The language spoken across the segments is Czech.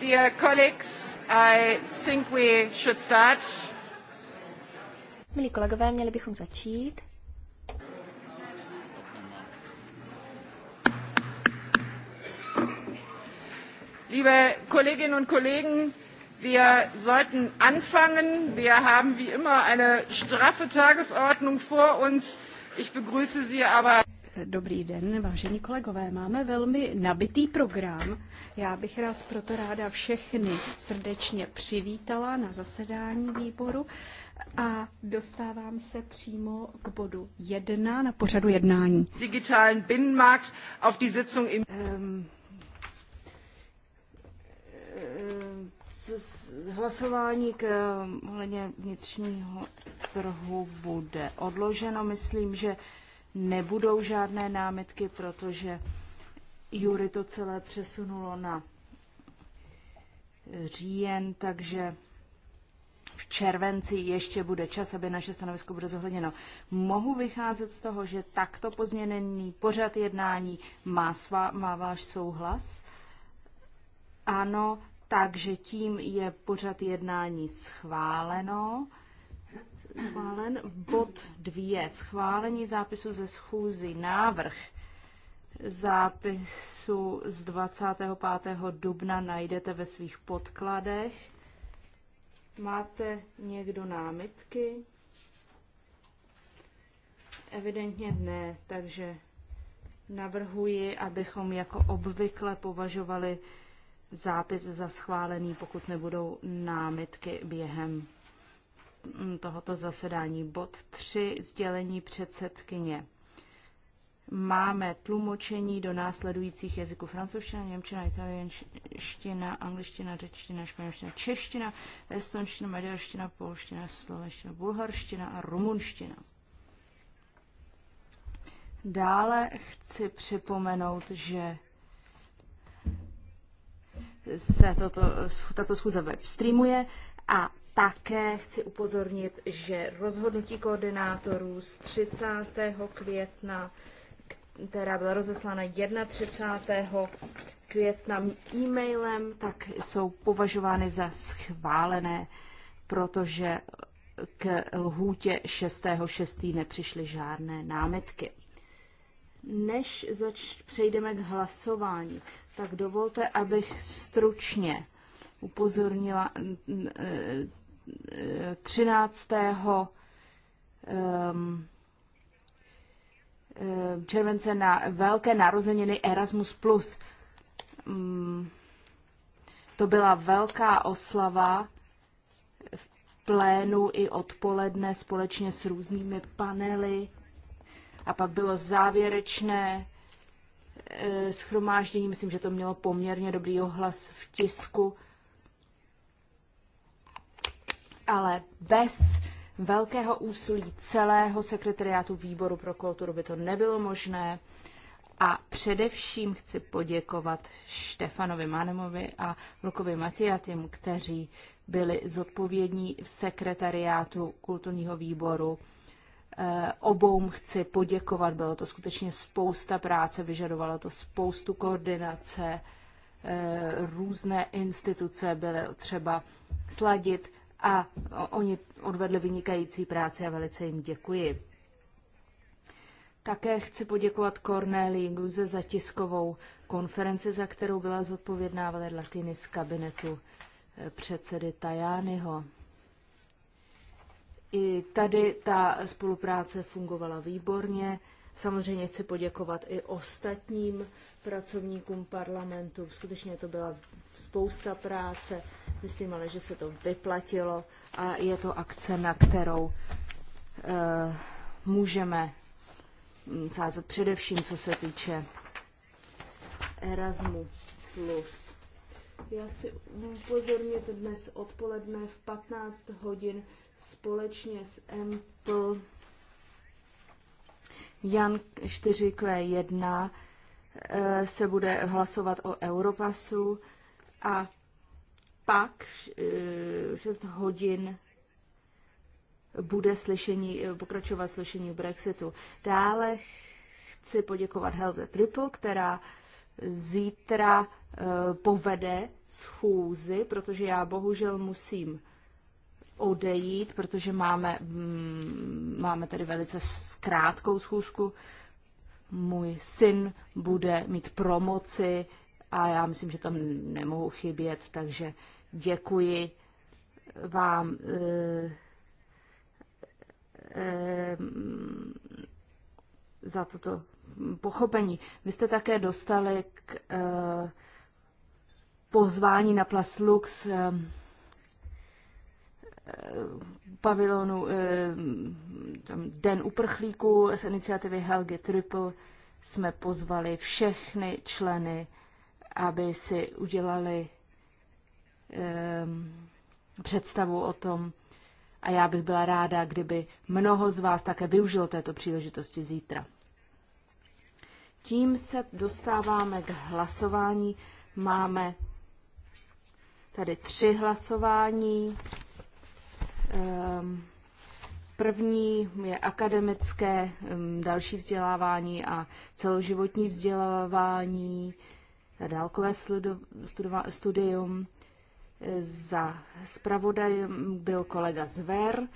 Dear colleagues, I think we should start. Milí kolegové, měli bychom začít. Liebe Kolleginnen und Kollegen, wir sollten anfangen. Wir haben wie immer eine straffe Tagesordnung vor uns. Ich begrüße Sie aber. Dobrý den, vážení kolegové. Máme velmi nabitý program. Já bych vás proto ráda všechny srdečně přivítala na zasedání výboru a dostávám se přímo k bodu 1 na pořadu jednání. Digitální Binnenmarkt auf die Sitzung im... Um, hlasování k eh, vnitřního trhu bude odloženo. Myslím, že nebudou žádné námitky, protože Jury to celé přesunulo na říjen, takže v červenci ještě bude čas, aby naše stanovisko bude zohledněno. Mohu vycházet z toho, že takto pozměněný pořad jednání má, svá, má váš souhlas? Ano, takže tím je pořad jednání schváleno schválen. Bod 2. Schválení zápisu ze schůzy. Návrh zápisu z 25. dubna najdete ve svých podkladech. Máte někdo námitky? Evidentně ne, takže navrhuji, abychom jako obvykle považovali zápis za schválený, pokud nebudou námitky během Mm, tohoto zasedání. Bod 3. Sdělení předsedkyně. Máme tlumočení do následujících jazyků francouzština, němčina, italienština, angličtina, řečtina, španělština, čeština, estonština, maďarština, polština, slovenština, bulharština a rumunština. Dále chci připomenout, že se toto, tato schůze streamuje. A také chci upozornit, že rozhodnutí koordinátorů z 30. května, která byla rozeslána 31. května e-mailem, tak jsou považovány za schválené, protože k lhůtě 6.6. nepřišly žádné námitky. Než zač- přejdeme k hlasování, tak dovolte, abych stručně upozornila 13. července na velké narozeniny Erasmus+. Mm, to byla velká oslava v plénu i odpoledne společně s různými panely. A pak bylo závěrečné eh, schromáždění, myslím, že to mělo poměrně dobrý ohlas v tisku ale bez velkého úsilí celého sekretariátu výboru pro kulturu by to nebylo možné. A především chci poděkovat Štefanovi Manemovi a Lukovi Matiatim, kteří byli zodpovědní v sekretariátu kulturního výboru. Eh, Obou chci poděkovat, bylo to skutečně spousta práce, vyžadovalo to spoustu koordinace, eh, různé instituce byly třeba sladit a oni odvedli vynikající práci a velice jim děkuji. Také chci poděkovat Cornélii Guze za tiskovou konferenci, za kterou byla zodpovědná Valerlatiny z kabinetu eh, předsedy Tajányho. I tady ta spolupráce fungovala výborně. Samozřejmě chci poděkovat i ostatním pracovníkům parlamentu. Skutečně to byla spousta práce. Myslím ale, že se to vyplatilo a je to akce, na kterou eh, můžeme hm, sázet především, co se týče Erasmu+. Plus. Já chci upozornit dnes odpoledne v 15 hodin společně s Empl Jan 4Q1 eh, se bude hlasovat o Europasu a pak 6 eh, hodin bude slyšení, eh, pokračovat slyšení Brexitu. Dále chci poděkovat Helze Triple, která zítra eh, povede schůzi, protože já bohužel musím odejít, protože máme, mm, máme tady velice krátkou schůzku. Můj syn bude mít promoci a já myslím, že tam nemohu chybět, takže Děkuji vám eh, eh, za toto pochopení. Vy jste také dostali k eh, pozvání na Plus Lux pavilonu Den uprchlíků z iniciativy Helge Triple jsme pozvali všechny členy, aby si udělali Ehm, představu o tom. A já bych byla ráda, kdyby mnoho z vás také využilo této příležitosti zítra. Tím se dostáváme k hlasování. Máme tady tři hlasování. Ehm, první je akademické, ehm, další vzdělávání a celoživotní vzdělávání, dálkové studium. Za zpravodajem byl kolega Zver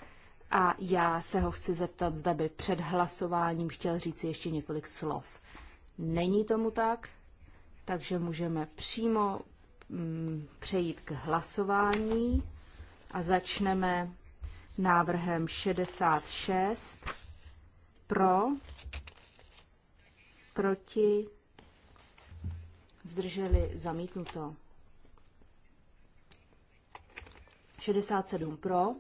a já se ho chci zeptat, zda by před hlasováním chtěl říct ještě několik slov. Není tomu tak, takže můžeme přímo mm, přejít k hlasování a začneme návrhem 66 pro, proti, zdrželi zamítnuto. 67 pro,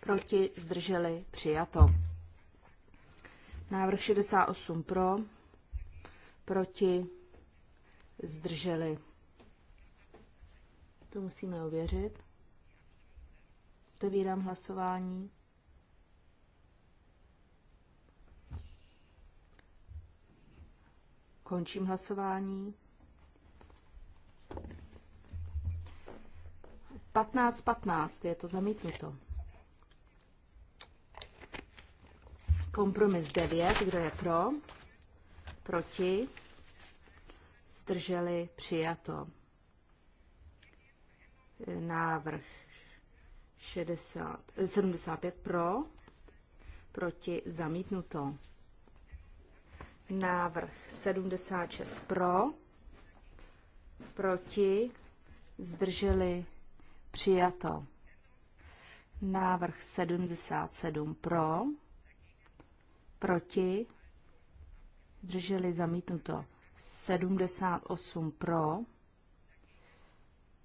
proti, zdrželi, přijato. Návrh 68 pro, proti, zdrželi. To musíme ověřit. Otevírám hlasování. Končím hlasování. 15-15 je to zamítnuto. Kompromis 9, kdo je pro? Proti? Zdrželi? Přijato. Návrh 60, 75 pro, proti zamítnuto. Návrh 76 pro, proti zdrželi Přijato. Návrh 77 pro, proti, drželi zamítnuto 78 pro,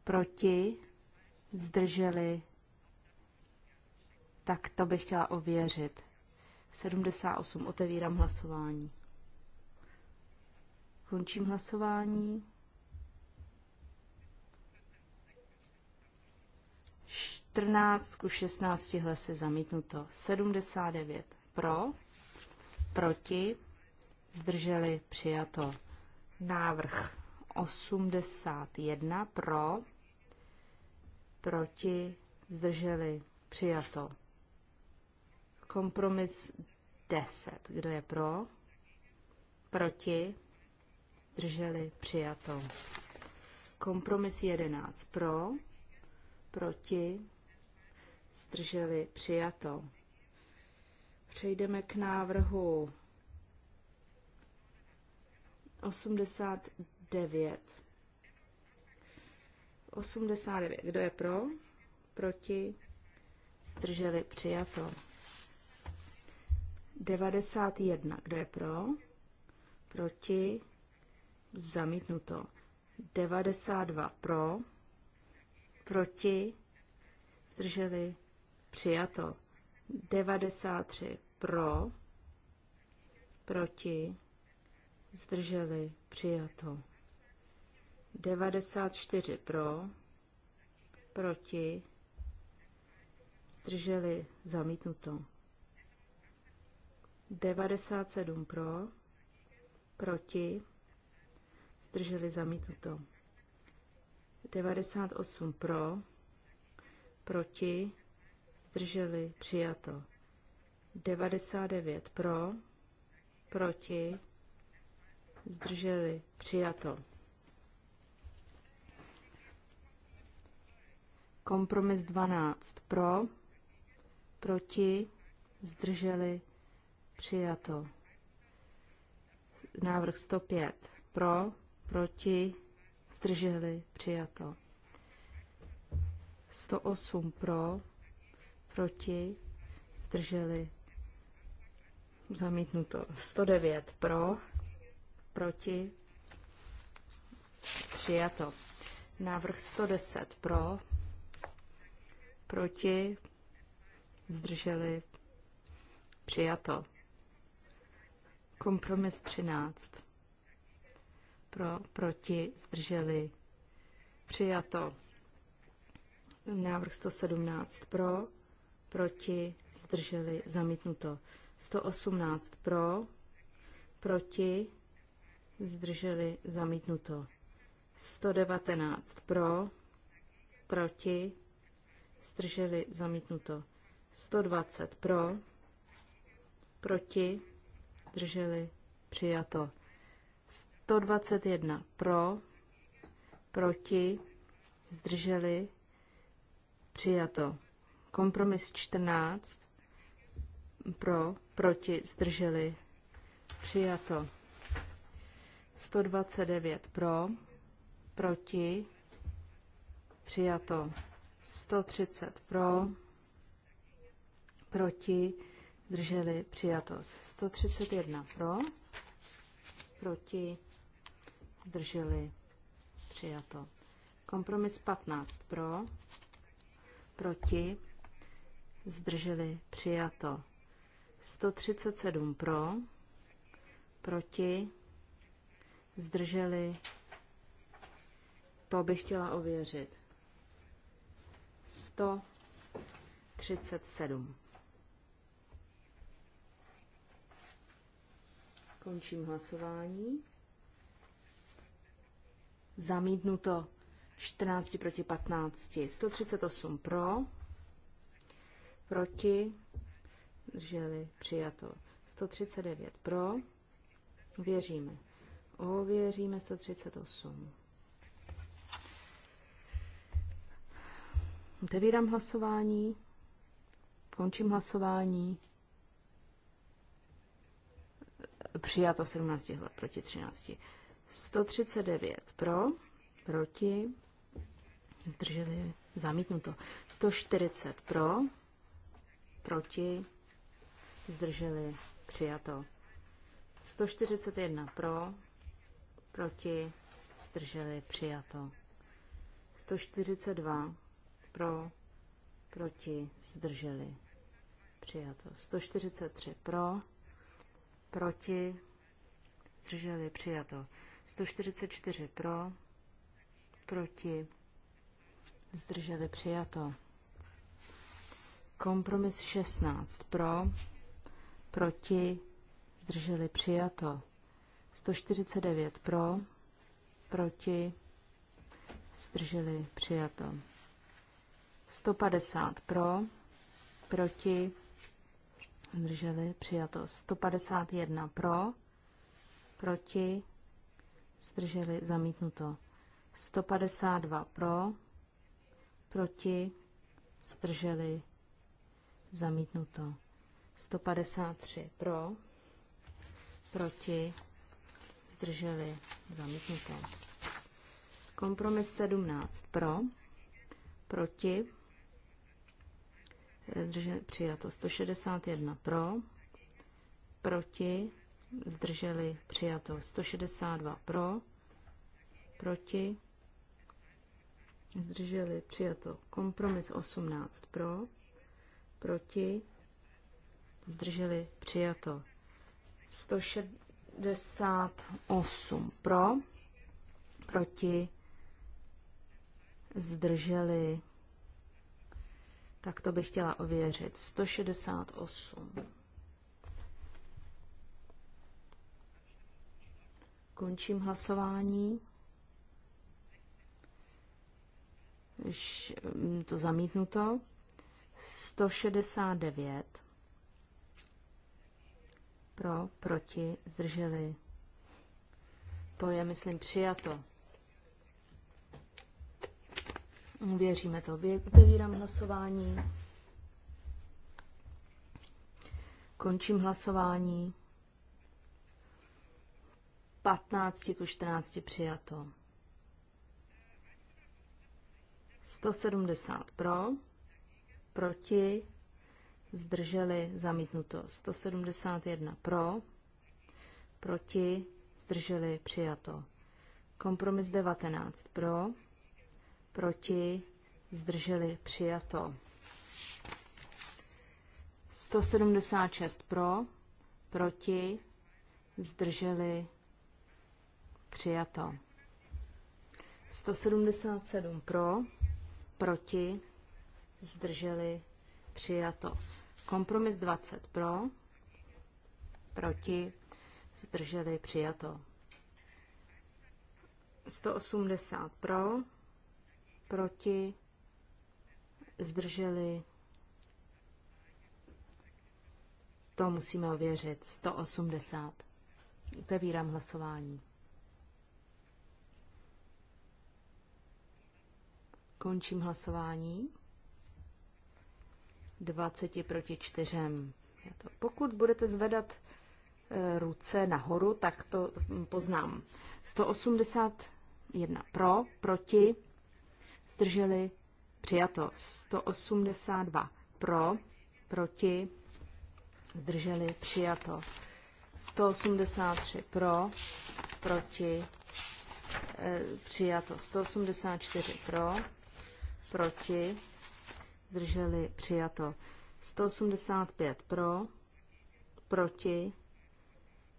proti, zdrželi, tak to bych chtěla ověřit. 78, otevírám hlasování. Končím hlasování. 14 ku 16 hlasy zamítnuto. 79 pro, proti, zdrželi přijato. Návrh 81 pro, proti, zdrželi přijato. Kompromis 10. Kdo je pro? Proti? zdrželi přijato. Kompromis 11. Pro? proti, zdrželi, přijato. Přejdeme k návrhu 89. 89. Kdo je pro? Proti? Zdrželi? Přijato. 91. Kdo je pro? Proti? Zamítnuto. 92. Pro? proti, zdrželi, přijato. 93 pro, proti, zdrželi, přijato. 94 pro, proti, zdrželi, zamítnuto. 97 pro, proti, zdrželi, zamítnuto. 98 pro, proti, zdrželi, přijato. 99 pro, proti, zdrželi, přijato. Kompromis 12 pro, proti, zdrželi, přijato. Návrh 105 pro, proti, zdrželi, přijato. 108 pro, proti, zdrželi, zamítnuto. 109 pro, proti, přijato. Návrh 110 pro, proti, zdrželi, přijato. Kompromis 13 pro, proti, zdrželi, přijato. Návrh 117 pro, proti, zdrželi, zamítnuto. 118 pro, proti, zdrželi, zamítnuto. 119 pro, proti, zdrželi, zamítnuto. 120 pro, proti, zdrželi, přijato. 121 pro, proti, zdrželi, přijato. Kompromis 14 pro, proti, zdrželi, přijato. 129 pro, proti, přijato. 130 pro, proti, zdrželi, přijato. 131 pro, proti, zdrželi, přijato. Kompromis 15 pro, proti, zdrželi, přijato. 137 pro, proti, zdrželi, to bych chtěla ověřit. 137. Končím hlasování. Zamítnuto 14 proti 15. 138 pro, proti, zdrželi, přijato. 139 pro, věříme. Ověříme 138. Otevírám hlasování, končím hlasování. Přijato 17 hlas proti 13. 139 pro, proti, zdrželi, zamítnuto. 140 pro, proti, zdrželi, přijato. 141 pro, proti, zdrželi, přijato. 142 pro, proti, zdrželi, přijato. 143 pro, proti, zdrželi, přijato. 144 pro, proti, zdrželi přijato. Kompromis 16 pro, proti, zdrželi přijato. 149 pro, proti, zdrželi přijato. 150 pro, proti, zdrželi přijato. 151 pro, proti, zdrželi, zamítnuto. 152 pro, proti, zdrželi, zamítnuto. 153 pro, proti, zdrželi, zamítnuto. Kompromis 17 pro, proti, zdrželi, přijato. 161 pro, proti, zdrželi, přijato 162 pro, proti, zdrželi, přijato kompromis 18 pro, proti, zdrželi, přijato 168 pro, proti, zdrželi, tak to bych chtěla ověřit, 168. Končím hlasování. Mm, to zamítnuto. 169 pro, proti, zdrželi. To je, myslím, přijato. Věříme to. Otevírám hlasování. Končím hlasování. 15 ku 14 přijato. 170 pro, proti, zdrželi, zamítnuto. 171 pro, proti, zdrželi, přijato. Kompromis 19 pro, proti, zdrželi, přijato. 176 pro, proti, zdrželi, Přijato. 177 pro, proti, zdrželi, přijato. Kompromis 20 pro, proti, zdrželi, přijato. 180 pro, proti, zdrželi, to musíme ověřit, 180. Otevírám hlasování. Končím hlasování. 20 proti 4. Pokud budete zvedat eh, ruce nahoru, tak to hm, poznám. 181 pro, proti, zdrželi, přijato. 182 pro, proti, zdrželi, přijato. 183 pro, proti, eh, přijato. 184 pro, proti, zdrželi přijato. 185 pro, proti,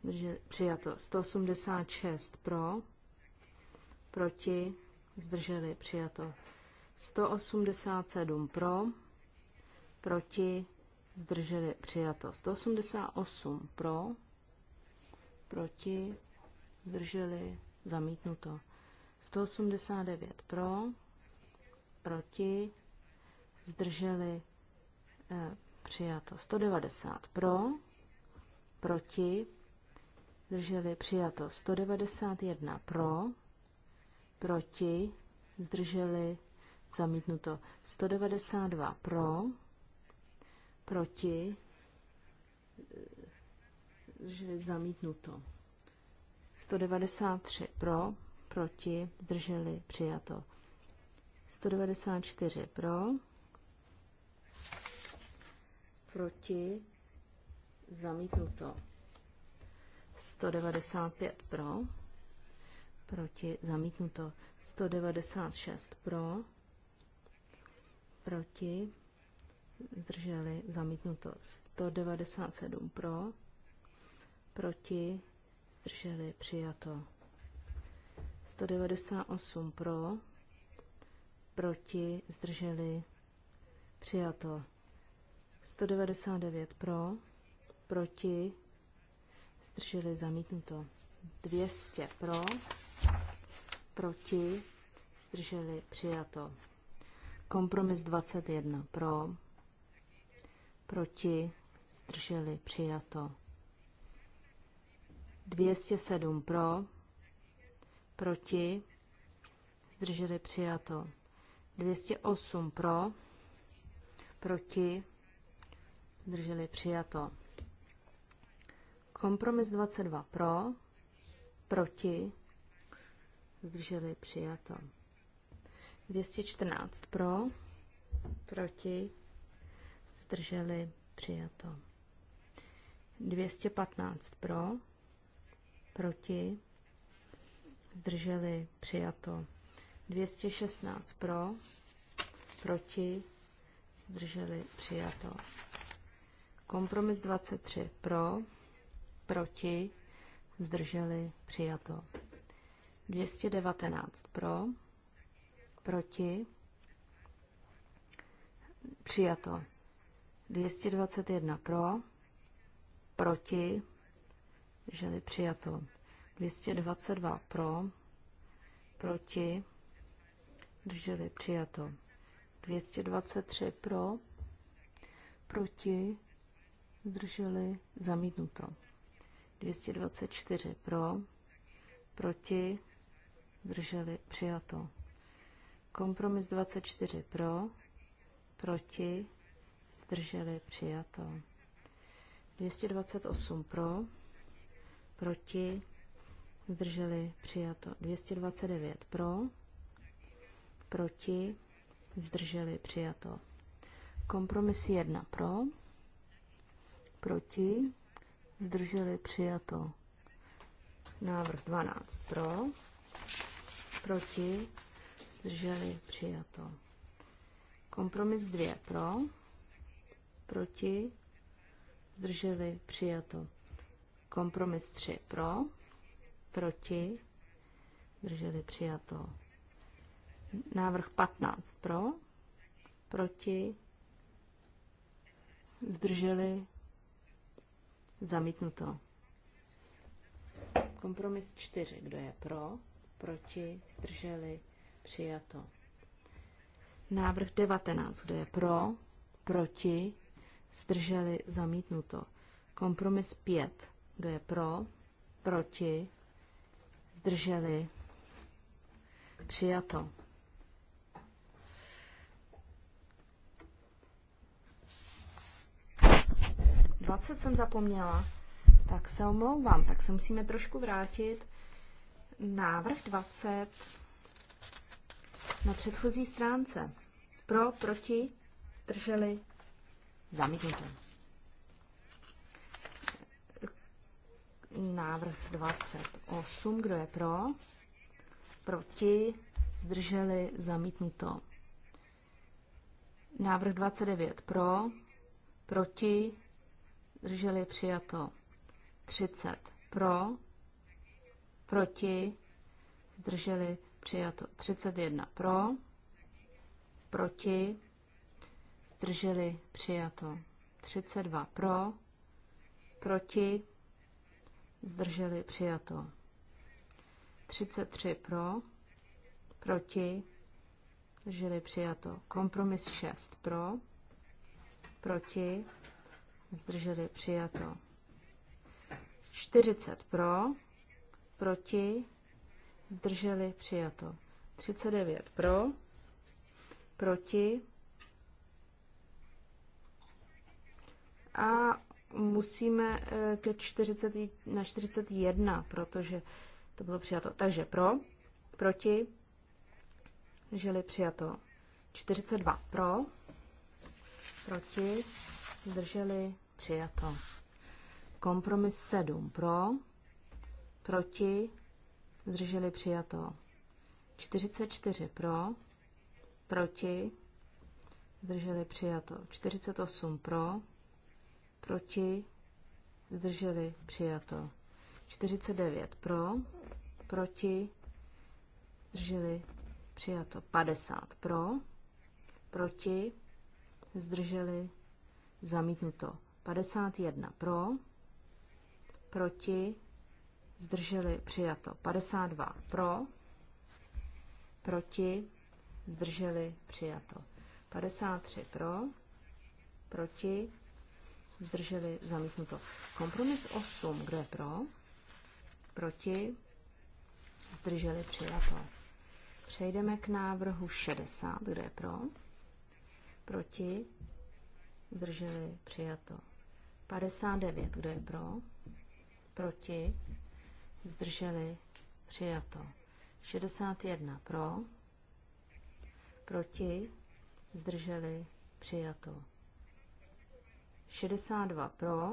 zdrželi, přijato. 186 pro, proti, zdrželi přijato. 187 pro, proti, zdrželi přijato. 188 pro, proti, zdrželi zamítnuto. 189 pro, proti, zdrželi, eh, přijato 190 pro, proti, zdrželi, přijato 191 pro, proti, zdrželi, zamítnuto 192 pro, proti, zdrželi, zamítnuto 193 pro, proti, zdrželi, přijato 194 pro, proti, zamítnuto. 195 pro, proti, zamítnuto. 196 pro, proti, zdrželi, zamítnuto. 197 pro, proti, zdrželi, přijato. 198 pro, proti, zdrželi, přijato. 199 pro, proti, zdrželi, zamítnuto. 200 pro, proti, zdrželi, přijato. Kompromis 21 pro, proti, zdrželi, přijato. 207 pro, proti, zdrželi, přijato. 208 pro, proti, drželi přijato. Kompromis 22 pro, proti, zdrželi přijato. 214 pro, proti, zdrželi přijato. 215 pro, proti, zdrželi přijato. 216 pro, proti, zdrželi, přijato. Kompromis 23 pro, proti, zdrželi, přijato. 219 pro, proti, přijato. 221 pro, proti, zdrželi, přijato. 222 pro, proti, drželi přijato. 223 pro, proti, zdrželi zamítnuto. 224 pro, proti, zdrželi přijato. Kompromis 24 pro, proti, zdrželi přijato. 228 pro, proti, zdrželi přijato. 229 pro, proti, zdrželi, přijato. Kompromis 1 pro, proti, zdrželi, přijato. Návrh 12 pro, proti, zdrželi, přijato. Kompromis 2 pro, proti, zdrželi, přijato. Kompromis 3 pro, proti, zdrželi, přijato. Návrh 15 pro, proti, zdrželi, zamítnuto. Kompromis 4. Kdo je pro, proti, zdrželi, přijato. Návrh 19. Kdo je pro, proti, zdrželi, zamítnuto. Kompromis 5. Kdo je pro, proti, zdrželi, přijato. 20 jsem zapomněla. Tak se omlouvám, tak se musíme trošku vrátit. Návrh 20 na předchozí stránce. Pro, proti, drželi, zamítnuto. Návrh 28, kdo je pro, proti, zdrželi, zamítnuto. Návrh 29 pro, proti, zdrželi přijato 30 pro, proti, zdrželi přijato 31 pro, proti, zdrželi přijato 32 pro, proti, zdrželi přijato 33 pro, proti, zdrželi přijato kompromis 6 pro, proti, zdrželi přijato. 40 pro, proti, zdrželi přijato. 39 pro, proti a musíme eh, ke 40, na 41, protože to bylo přijato. Takže pro, proti, zdrželi přijato. 42 pro, proti, zdrželi, přijato. Kompromis 7 pro, proti, zdrželi, přijato. 44 pro, proti, zdrželi, přijato. 48 pro, proti, zdrželi, přijato. 49 pro, proti, zdrželi, přijato. 50 pro, proti, zdrželi, Zamítnuto. 51 pro, proti, zdrželi, přijato. 52 pro, proti, zdrželi, přijato. 53 pro, proti, zdrželi, zamítnuto. Kompromis 8, kde pro, proti, zdrželi, přijato. Přejdeme k návrhu 60, kde pro, proti, zdrželi, přijato. 59, kdo je pro, proti, zdrželi, přijato. 61 pro, proti, zdrželi, přijato. 62 pro,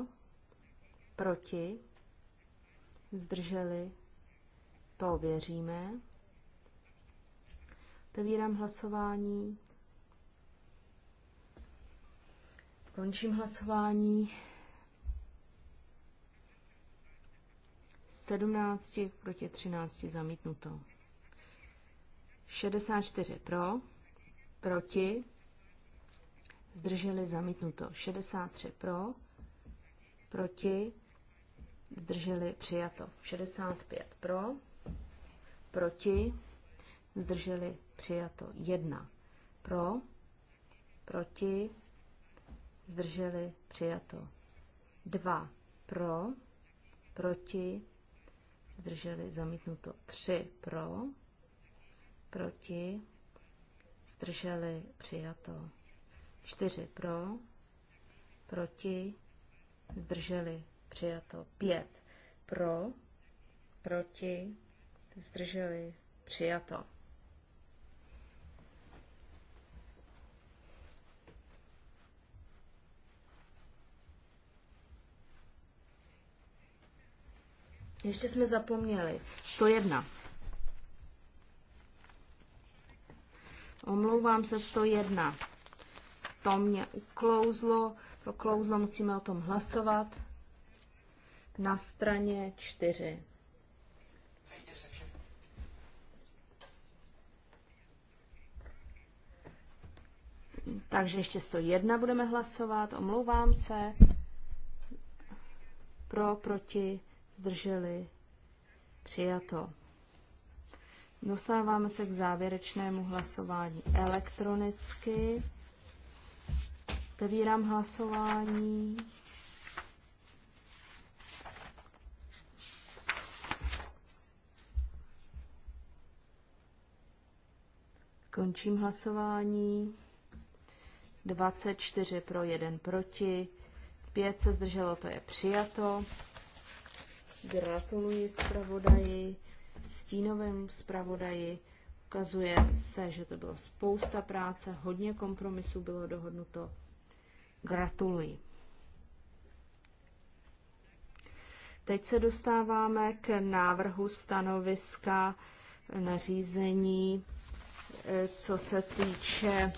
proti, zdrželi, to věříme. Otevírám hlasování. Končím hlasování. 17 proti 13 zamítnuto. 64 pro, proti, zdrželi zamítnuto. 63 pro, proti, zdrželi přijato. 65 pro, proti, zdrželi přijato. 1 pro, proti, zdrželi, přijato. dva pro, proti, zdrželi, zamítnuto. tři pro, proti, zdrželi, přijato. čtyři pro, proti, zdrželi, přijato. pět pro, proti, zdrželi, přijato. Ještě jsme zapomněli. 101. Omlouvám se 101. To mě uklouzlo. Proklouzlo, musíme o tom hlasovat. Na straně 4. Takže ještě 101 budeme hlasovat. Omlouvám se. Pro, proti zdrželi, přijato. Dostáváme se k závěrečnému hlasování elektronicky. Otevírám hlasování. Končím hlasování. 24 pro, 1 proti, 5 se zdrželo, to je přijato. Gratuluji zpravodaji, stínovému zpravodaji. Ukazuje se, že to byla spousta práce, hodně kompromisů bylo dohodnuto. Gratuluji. Teď se dostáváme k návrhu stanoviska nařízení, eh, co se týče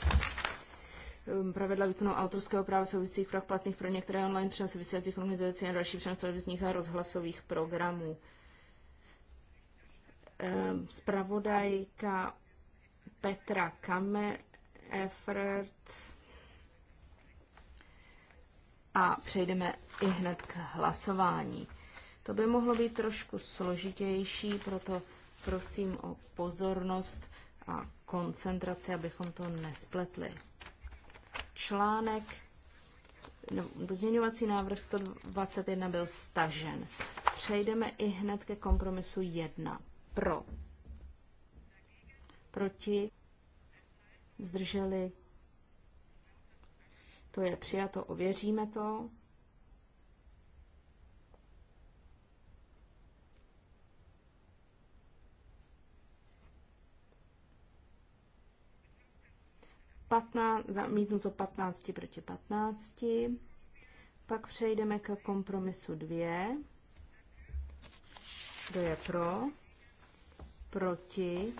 Um, pravidla výkonu autorského práva souvisejících práv platných pro některé online přenosy vysílacích organizací a další přenos televizních a rozhlasových programů. Spravodajka ehm, Petra Kame Efert a přejdeme i hned k hlasování. To by mohlo být trošku složitější, proto prosím o pozornost a koncentraci, abychom to nespletli. Článek no, Pozměňovací návrh 121 byl stažen. Přejdeme i hned ke kompromisu 1. Pro. Proti. Zdrželi. To je přijato, ověříme to. 15, zamítnuto 15 proti 15. Pak přejdeme k kompromisu 2. Kdo je pro? Proti?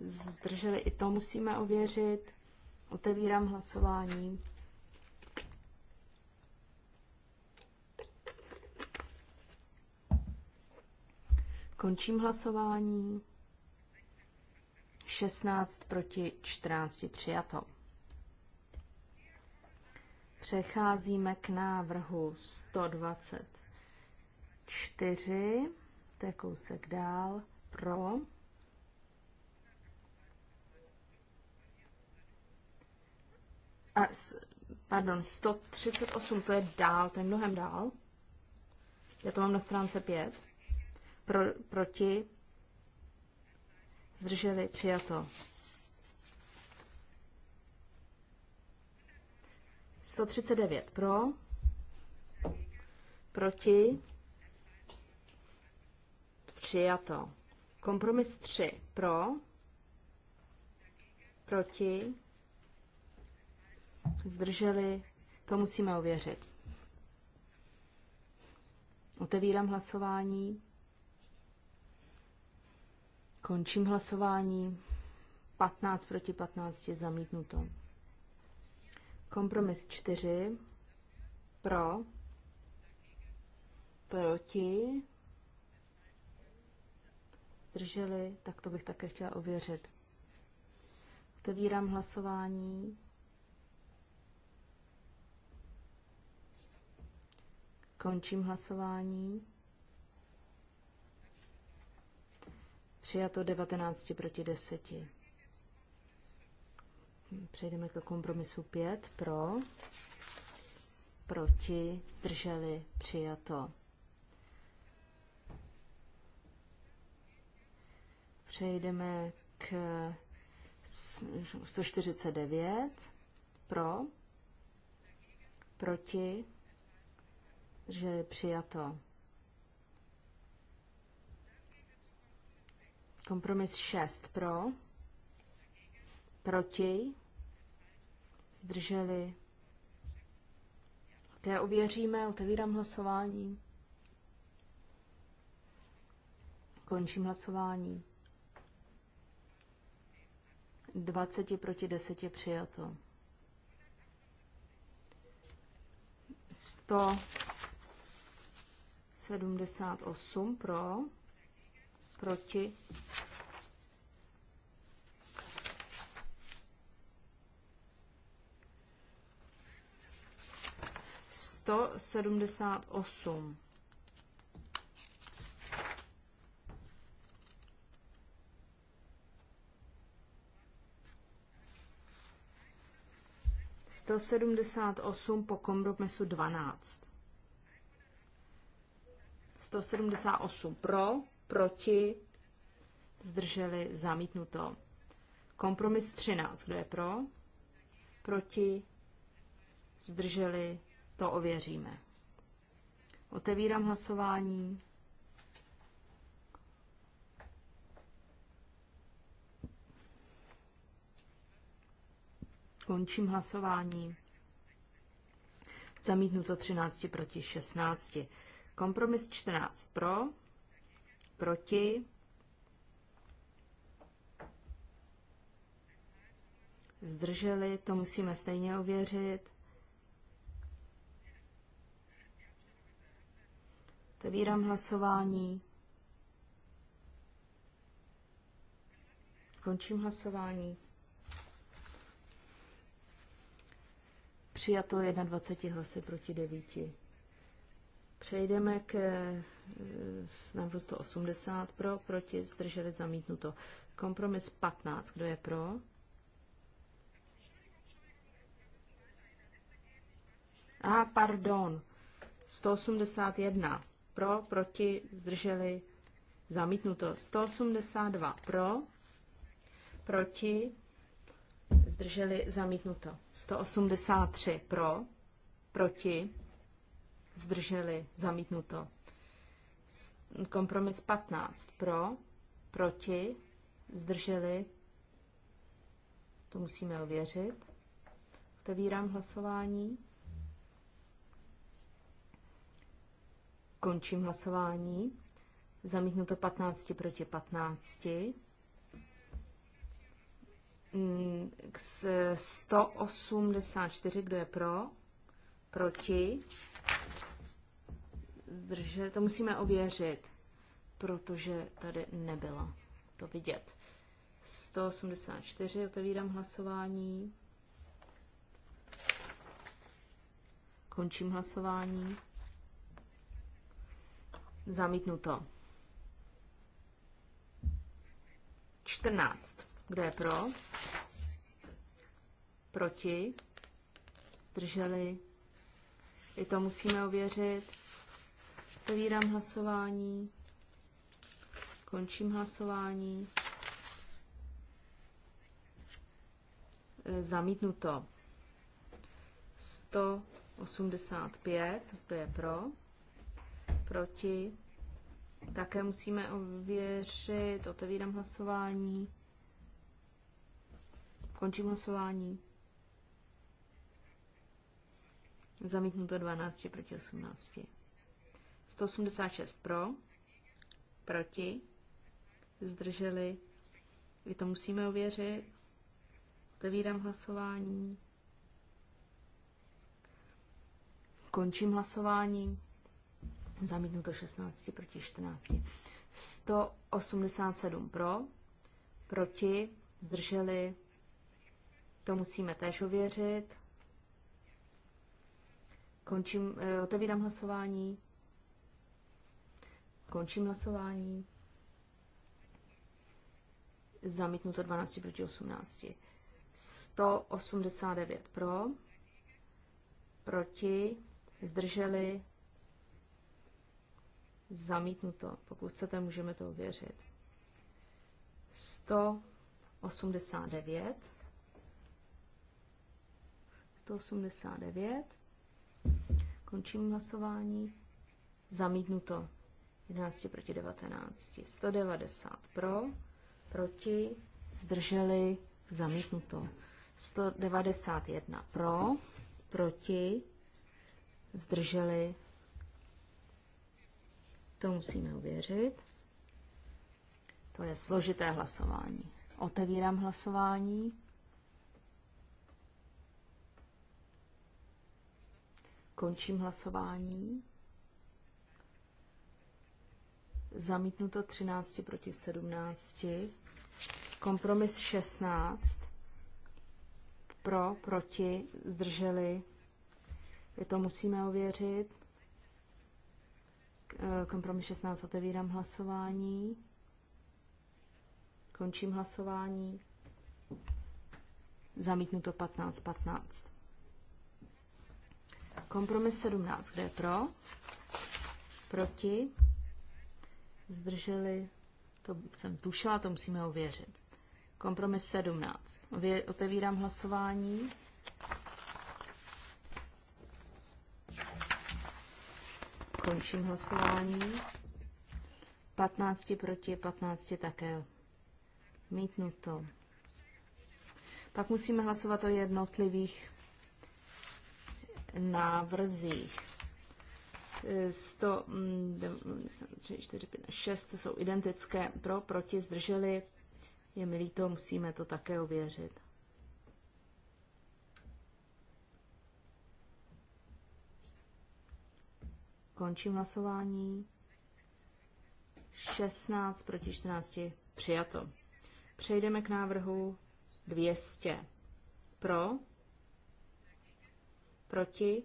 Zdrželi, i to musíme ověřit. Otevírám hlasování. Končím hlasování. 16 proti 14 přijato. Přecházíme k návrhu 124, to je kousek dál, pro. A, pardon, 138, to je dál, to je mnohem dál. Já to mám na stránce 5. Pro, proti zdrželi, přijato. 139 pro, proti, přijato. Kompromis tři pro, proti, zdrželi, to musíme ověřit. Otevírám hlasování. Končím hlasování. 15 proti 15 je zamítnuto. Kompromis 4. Pro. Proti. Zdrželi. Tak to bych také chtěla ověřit. Otevírám hlasování. Končím hlasování. Přijato 19 proti 10. Přejdeme ke kompromisu 5 pro, proti, zdrželi, přijato. Přejdeme k 149 pro, proti, zdrželi, přijato. Kompromis 6 pro, proti, zdrželi. Té uvěříme, otevírám hlasování. Končím hlasování. 20 proti 10 je přijato. 178 pro, proti, sto sedmdesát osm. Sto sedmdesát osm po kompromisu dvanáct. Sto sedmdesát osm pro, proti, zdrželi, zamítnuto. Kompromis 13, kdo je pro, proti, zdrželi, to ověříme. Otevírám hlasování. Končím hlasování. Zamítnuto 13 proti 16. Kompromis 14 pro, Proti? Zdrželi, to musíme stejně ověřit. Otevírám hlasování. Končím hlasování. Přijato 21 hlasy proti 9. Přejdeme k eh, návrhu 180 pro, proti, zdrželi zamítnuto. Kompromis 15, kdo je pro? A ah, pardon, 181 pro, proti, zdrželi zamítnuto. 182 pro, proti, zdrželi zamítnuto. 183 pro, proti, zdrželi, zamítnuto. Kompromis 15 pro, proti, zdrželi, to musíme ověřit. Otevírám hlasování. Končím hlasování. Zamítnuto 15 proti 15. 184, mm, kdo je pro? Proti? zdrželi, to musíme ověřit, protože tady nebylo to vidět. 184, otevírám hlasování. Končím hlasování. to. 14. Kdo je pro? Proti? Drželi? I to musíme ověřit. Otevírám hlasování. Končím hlasování. E, zamítnuto. 185, to je pro? Proti? Také musíme ověřit. Otevírám hlasování. Končím hlasování. Zamítnuto 12 proti 18. 186 pro, proti, zdrželi, vy to musíme ověřit. Otevírám hlasování. Končím hlasování. Zamítnuto 16 proti 14. 187 pro, proti, zdrželi, to musíme též ověřit. Končím, eh, otevírám hlasování. Končím hlasování. Zamítnuto 12 proti 18. 189 pro, proti, zdrželi, zamítnuto. Pokud chcete, můžeme to ověřit. 189. 189. Končím hlasování. Zamítnuto. 11 proti 19. 190 pro, proti, zdrželi, zamítnuto. 191 pro, proti, zdrželi, to musíme uvěřit. To je složité hlasování. Otevírám hlasování. Končím hlasování. Zamítnuto 13 proti 17. Kompromis 16. Pro, proti, zdrželi. Je to musíme ověřit. Eh, kompromis 16 otevírám hlasování. Končím hlasování. Zamítnuto 15, 15. Kompromis 17, kde je pro? Proti? zdrželi, to jsem tušila, to musíme ověřit. Kompromis 17. Vě, otevírám hlasování. Končím hlasování. 15 proti, 15 také mítnuto. Pak musíme hlasovat o jednotlivých návrzích. 100, 4, 5, 6 jsou identické pro, proti, zdrželi. Je mi líto, musíme to také ověřit. Končím hlasování. 16 proti 14 přijato. Přejdeme k návrhu 200. Pro, proti,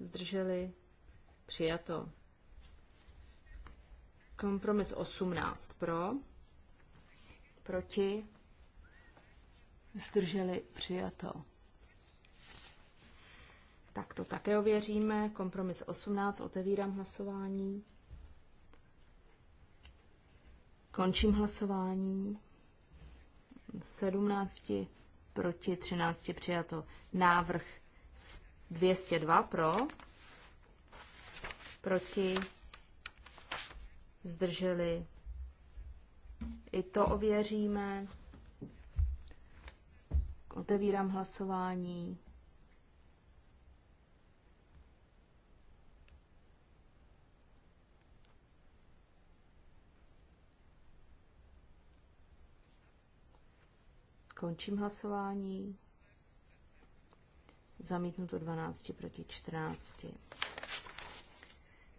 zdrželi, přijato. Kompromis 18 pro, proti, zdrželi, přijato. Tak to také ověříme. Kompromis 18, otevírám hlasování. Končím hlasování. 17 proti 13 přijato. Návrh 100. 202 pro, proti, zdrželi. I to ověříme. Otevírám hlasování. Končím hlasování. Zamítnuto 12 proti 14.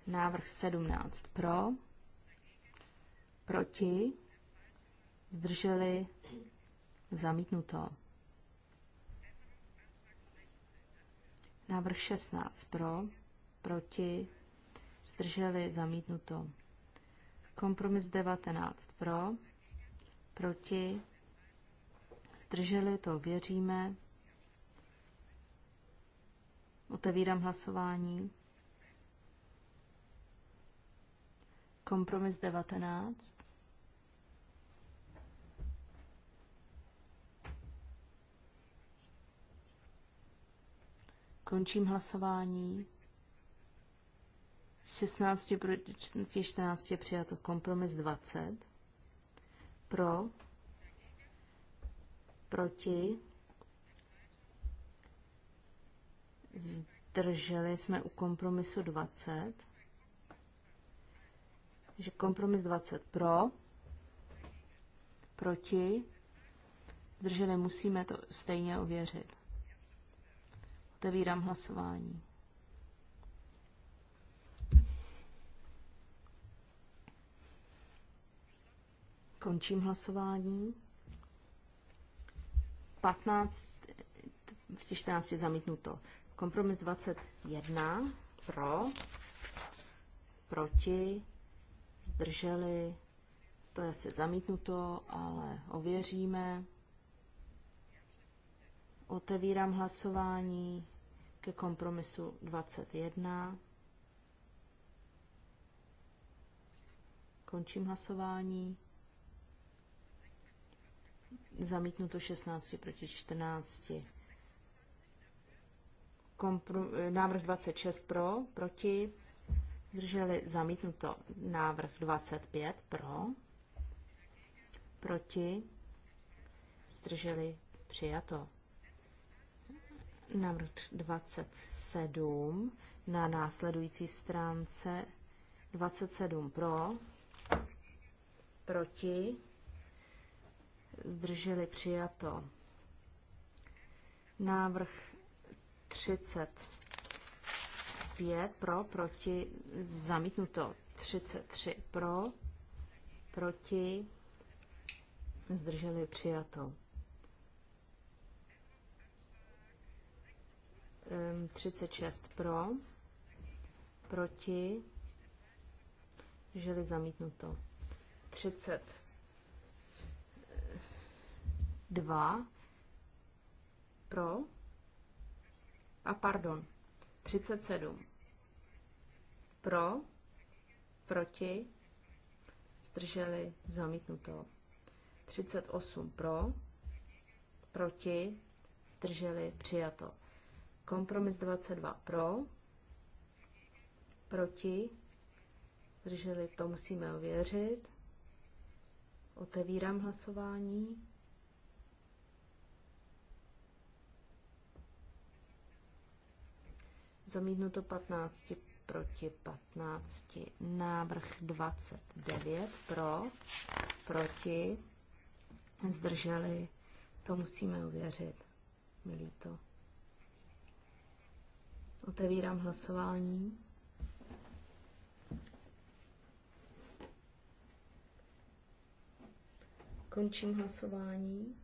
Návrh 17 pro, proti, zdrželi, zamítnuto. Návrh 16 pro, proti, zdrželi, zamítnuto. Kompromis 19 pro, proti, zdrželi, to věříme. Otevírám hlasování. Kompromis 19. Končím hlasování. 16 proti 14 je přijato kompromis 20. Pro, proti, zdrželi jsme u kompromisu 20. Takže kompromis 20 pro, proti, zdrželi musíme to stejně ověřit. Otevírám hlasování. Končím hlasování. 15 v 14 zamítnuto. Kompromis 21 pro, proti, zdrželi, to je asi zamítnuto, ale ověříme. Otevírám hlasování ke kompromisu 21. Končím hlasování. Zamítnuto 16 proti 14. Kompr- návrh 26 pro, proti, zdrželi zamítnuto. Návrh 25 pro, proti, zdrželi přijato. Návrh 27 na následující stránce 27 pro, proti, zdrželi přijato. Návrh 35 pro, proti, zamítnuto 33 pro, proti, zdrželi přijato. 36 ehm, pro, proti, žili zamítnuto. 32 pro, a pardon, 37. Pro, proti, zdrželi, zamítnuto. 38 pro, proti, zdrželi, přijato. Kompromis 22 pro, proti, zdrželi, to musíme ověřit. Otevírám hlasování. zamítnuto 15 proti 15. Návrh 29 pro, proti, zdrželi. To musíme uvěřit, milí to. Otevírám hlasování. Končím hlasování.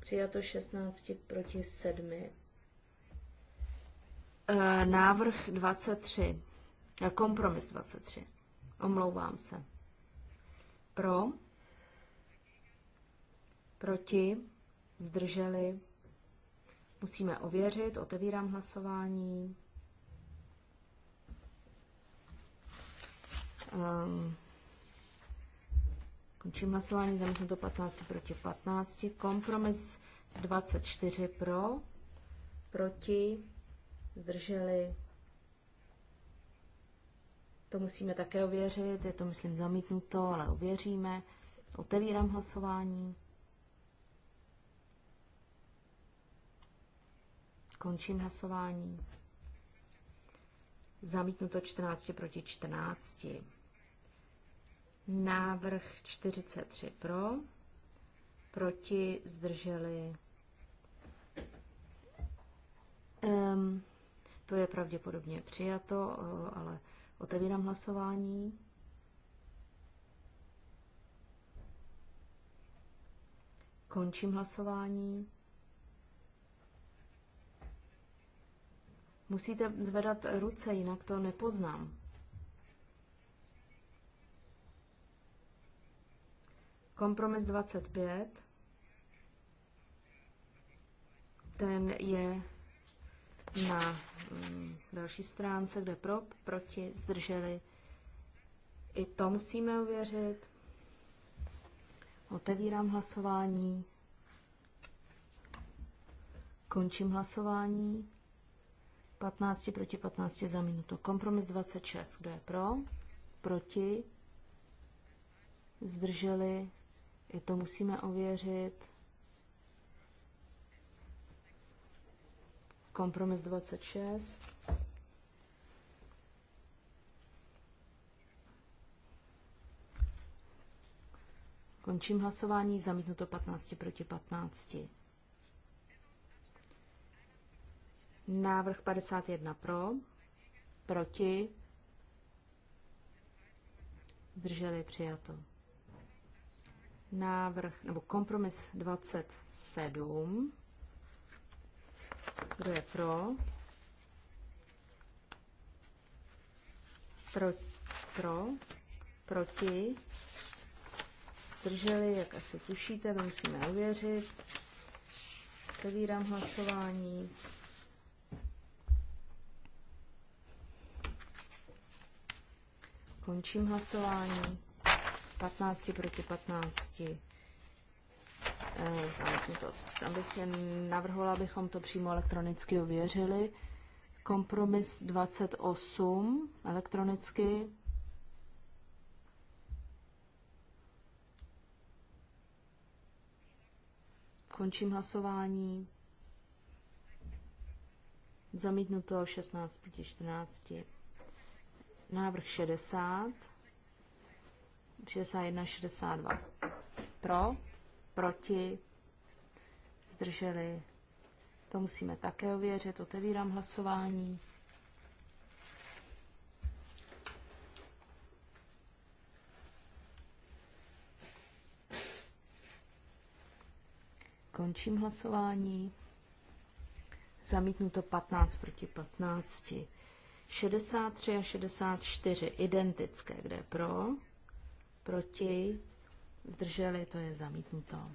Přijato 16 proti 7. Eh, návrh 23, kompromis 23, omlouvám se. Pro, proti, zdrželi, musíme ověřit, otevírám hlasování. Um, končím hlasování, zamítnuto 15 proti 15, kompromis 24 pro, proti, zdrželi. To musíme také ověřit, je to myslím zamítnuto, ale ověříme. Otevírám hlasování. Končím hlasování. Zamítnuto 14 proti 14. Návrh 43 pro, proti zdrželi. Um, to je pravděpodobně přijato, eh, ale otevírám hlasování. Končím hlasování. Musíte zvedat ruce, jinak to nepoznám. Kompromis 25. Ten je na mm, další stránce, kde pro, proti, zdrželi. I to musíme uvěřit. Otevírám hlasování. Končím hlasování. 15 proti 15 za minutu. Kompromis 26. Kdo je pro? Proti? Zdrželi? I to musíme ověřit. Kompromis 26. Končím hlasování, zamítnuto 15 proti 15. Návrh 51 pro, proti, zdrželi přijato. Návrh nebo kompromis 27 kdo je pro? Pro, pro proti. Zdrželi, jak asi tušíte, to musíme uvěřit. Otevírám hlasování. Končím hlasování. 15 proti 15. Tam eh, bych navrhovala, abychom to přímo elektronicky ověřili. Kompromis 28 elektronicky. Končím hlasování. Zamítnuto 16 proti 14. Návrh 60. 61, 62. Pro, proti, zdrželi. To musíme také ověřit. Otevírám hlasování. Končím hlasování. Zamítnuto 15 proti 15. 63 a 64 identické, kde pro, proti, zdrželi, to je zamítnuto.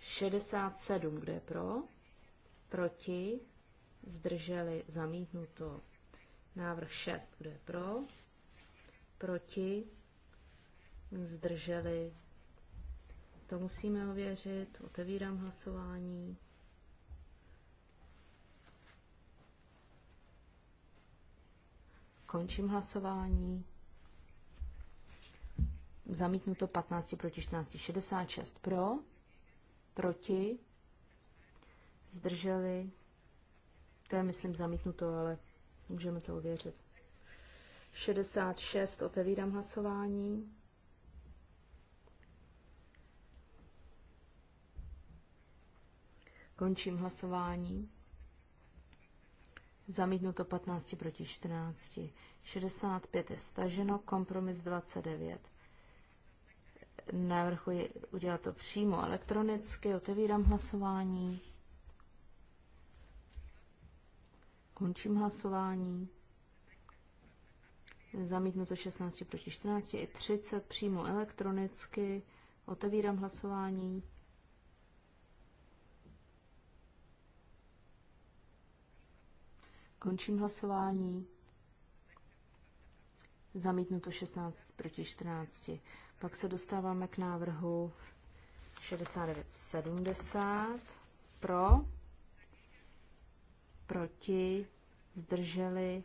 67, kdo je pro, proti, zdrželi, zamítnuto. Návrh 6, kdo je pro, proti, zdrželi. To musíme ověřit. Otevírám hlasování. Končím hlasování zamítnuto 15 proti 14, 66 pro, proti, zdrželi, to je myslím zamítnuto, ale můžeme to ověřit. 66, otevírám hlasování. Končím hlasování. Zamítnuto 15 proti 14. 65 je staženo, kompromis 29 Navrhuji udělat to přímo elektronicky. Otevírám hlasování. Končím hlasování. Zamítnuto 16 proti 14 i 30 přímo elektronicky. Otevírám hlasování. Končím hlasování. Zamítnuto 16 proti 14. Pak se dostáváme k návrhu 6970 pro, proti, zdrželi,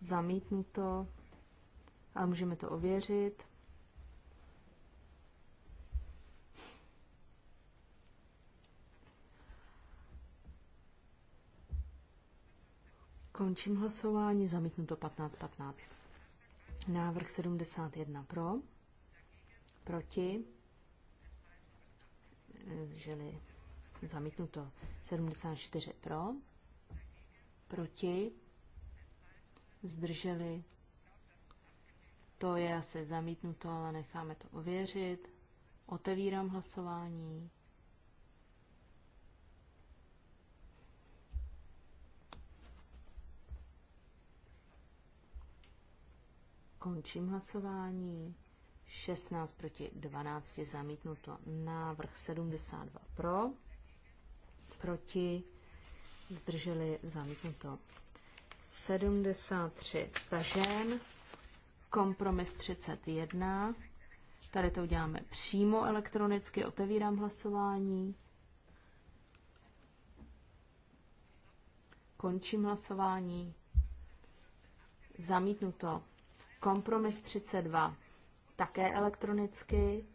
zamítnuto, ale můžeme to ověřit. Končím hlasování, zamítnuto 15-15. Návrh 71 pro proti, Želi zamítnuto 74 pro, proti, zdrželi, to je asi zamítnuto, ale necháme to ověřit. Otevírám hlasování. Končím hlasování. 16 proti 12 zamítnuto. Návrh 72 pro, proti, zdrželi zamítnuto. 73 stažen, kompromis 31. Tady to uděláme přímo elektronicky, otevírám hlasování. Končím hlasování. Zamítnuto. Kompromis 32 také elektronicky.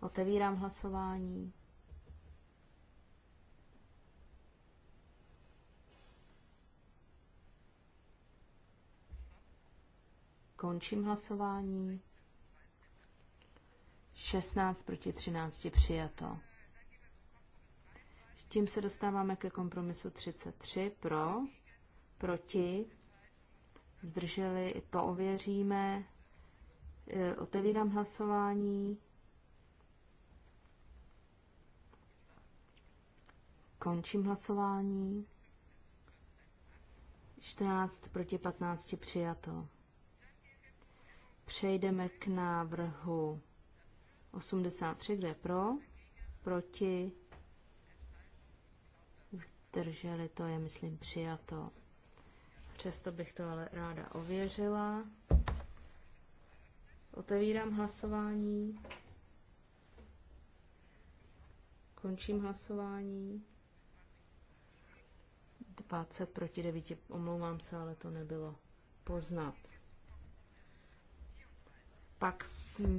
Otevírám hlasování. Končím hlasování. 16 proti 13 přijato. Tím se dostáváme ke kompromisu 33 pro, proti, zdrželi, i to ověříme. E, otevírám hlasování. Končím hlasování. 14 proti 15 přijato. Přejdeme k návrhu 83, kde je pro, proti, zdrželi, to je, myslím, přijato. Přesto bych to ale ráda ověřila. Otevírám hlasování. Končím hlasování. 20 proti 9, omlouvám se, ale to nebylo poznat. Pak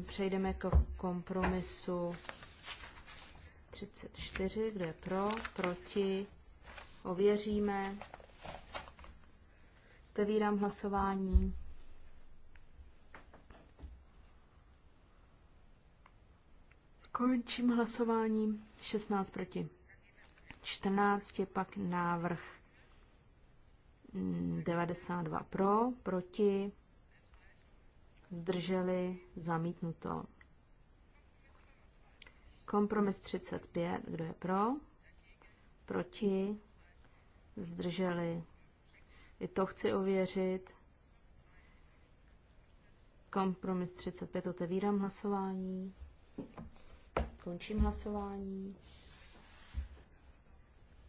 přejdeme k kompromisu 34, kde pro, proti, ověříme. Otevírám hlasování. Končím hlasování 16 proti 14, je pak návrh 92 pro, proti, zdrželi, zamítnuto. Kompromis 35, kdo je pro, proti, zdrželi. I to chci ověřit. Kompromis 35, otevírám hlasování. Končím hlasování.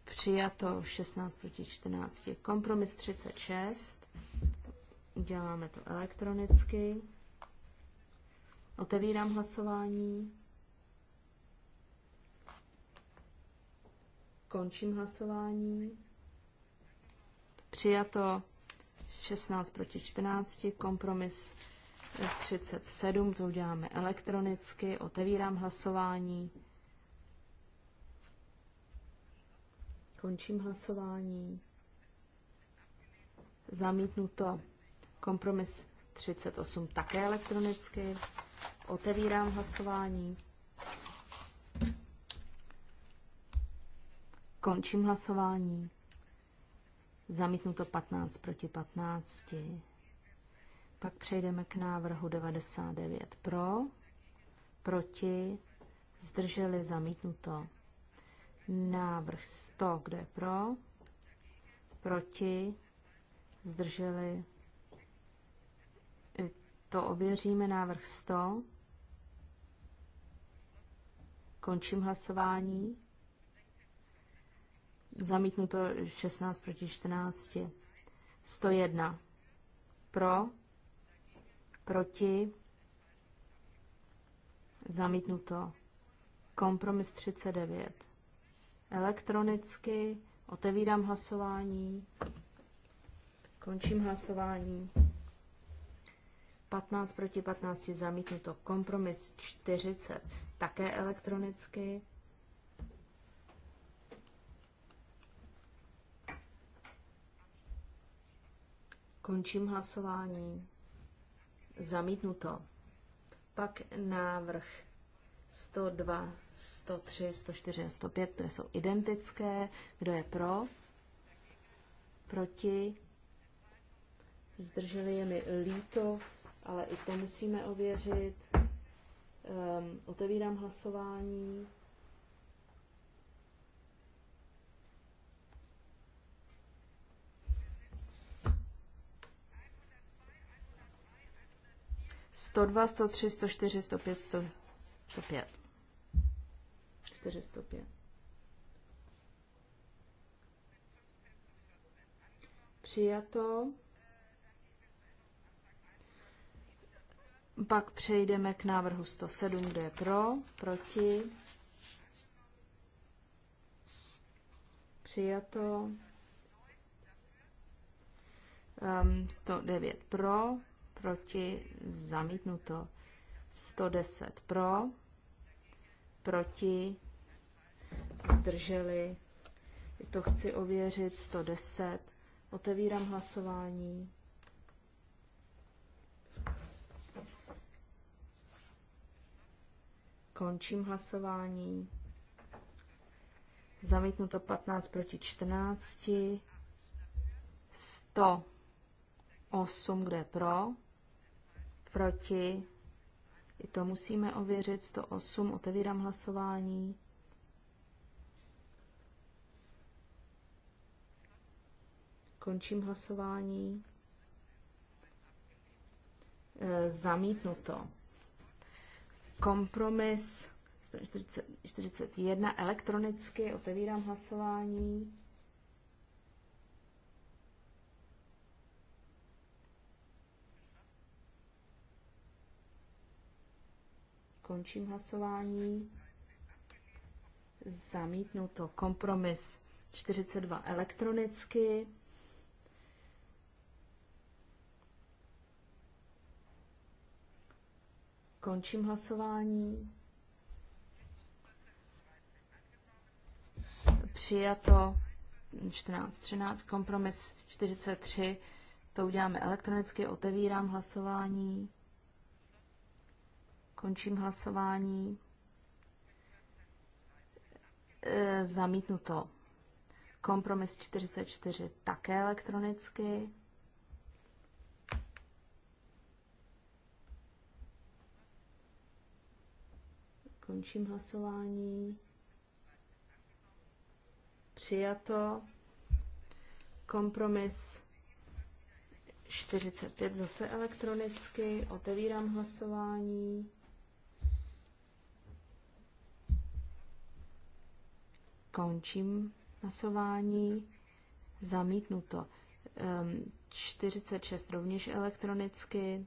Přijato 16 proti 14. Kompromis 36. Uděláme to elektronicky. Otevírám hlasování. Končím hlasování. Přijato 16 proti 14. Kompromis 37, to uděláme elektronicky, otevírám hlasování. Končím hlasování. Zamítnuto. Kompromis 38 také elektronicky. Otevírám hlasování. Končím hlasování. Zamítnuto 15 proti 15. Pak přejdeme k návrhu 99 pro, proti, zdrželi zamítnuto. Návrh 100, kde pro, proti, zdrželi. To ověříme, návrh 100. Končím hlasování. Zamítnuto 16 proti 14. 101. Pro proti, zamítnuto. Kompromis 39. Elektronicky otevírám hlasování, končím hlasování. 15 proti 15 zamítnuto. Kompromis 40 také elektronicky. Končím hlasování zamítnuto. Pak návrh 102, 103, 104, 105, které jsou identické. Kdo je pro? Proti? Zdrželi je mi líto, ale i to musíme ověřit. Um, otevírám hlasování. 102, 103, 104, 105, 105. 405. Přijato. Pak přejdeme k návrhu 107, kde je pro, proti. Přijato. Um, 109 pro, proti, zamítnuto. 110 pro, proti, zdrželi. To chci ověřit, 110. Otevírám hlasování. Končím hlasování. Zamítnuto 15 proti 14. 108, kde pro, proti, i to musíme ověřit, 108, otevírám hlasování. Končím hlasování. E, zamítnuto. Kompromis 41 elektronicky, otevírám hlasování. Končím hlasování. Zamítnuto. Kompromis 42 elektronicky. Končím hlasování. Přijato 14.13, kompromis 43. To uděláme elektronicky, otevírám hlasování. Končím hlasování. E, zamítnuto. Kompromis 44 také elektronicky. Končím hlasování. Přijato. Kompromis 45 zase elektronicky. Otevírám hlasování. Končím hlasování. Zamítnuto. 46 ehm, rovněž elektronicky.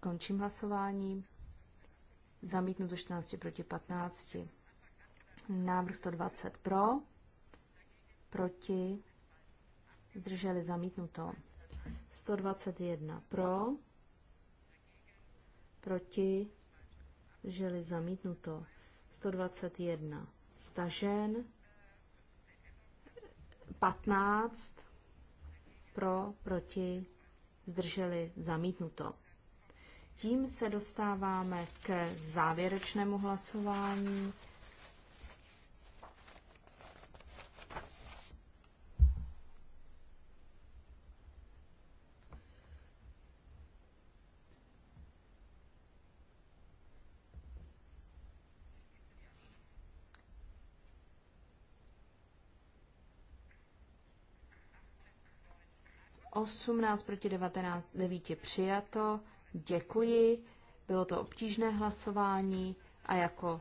Končím hlasování. Zamítnuto 14 proti 15. Návrh 120 pro, proti, zdrželi zamítnuto. 121 pro, proti, želi zamítnuto. 121 stažen, 15 pro, proti, zdrželi zamítnuto. Tím se dostáváme k závěrečnému hlasování 18 proti 19, 9 přijato. Děkuji. Bylo to obtížné hlasování a jako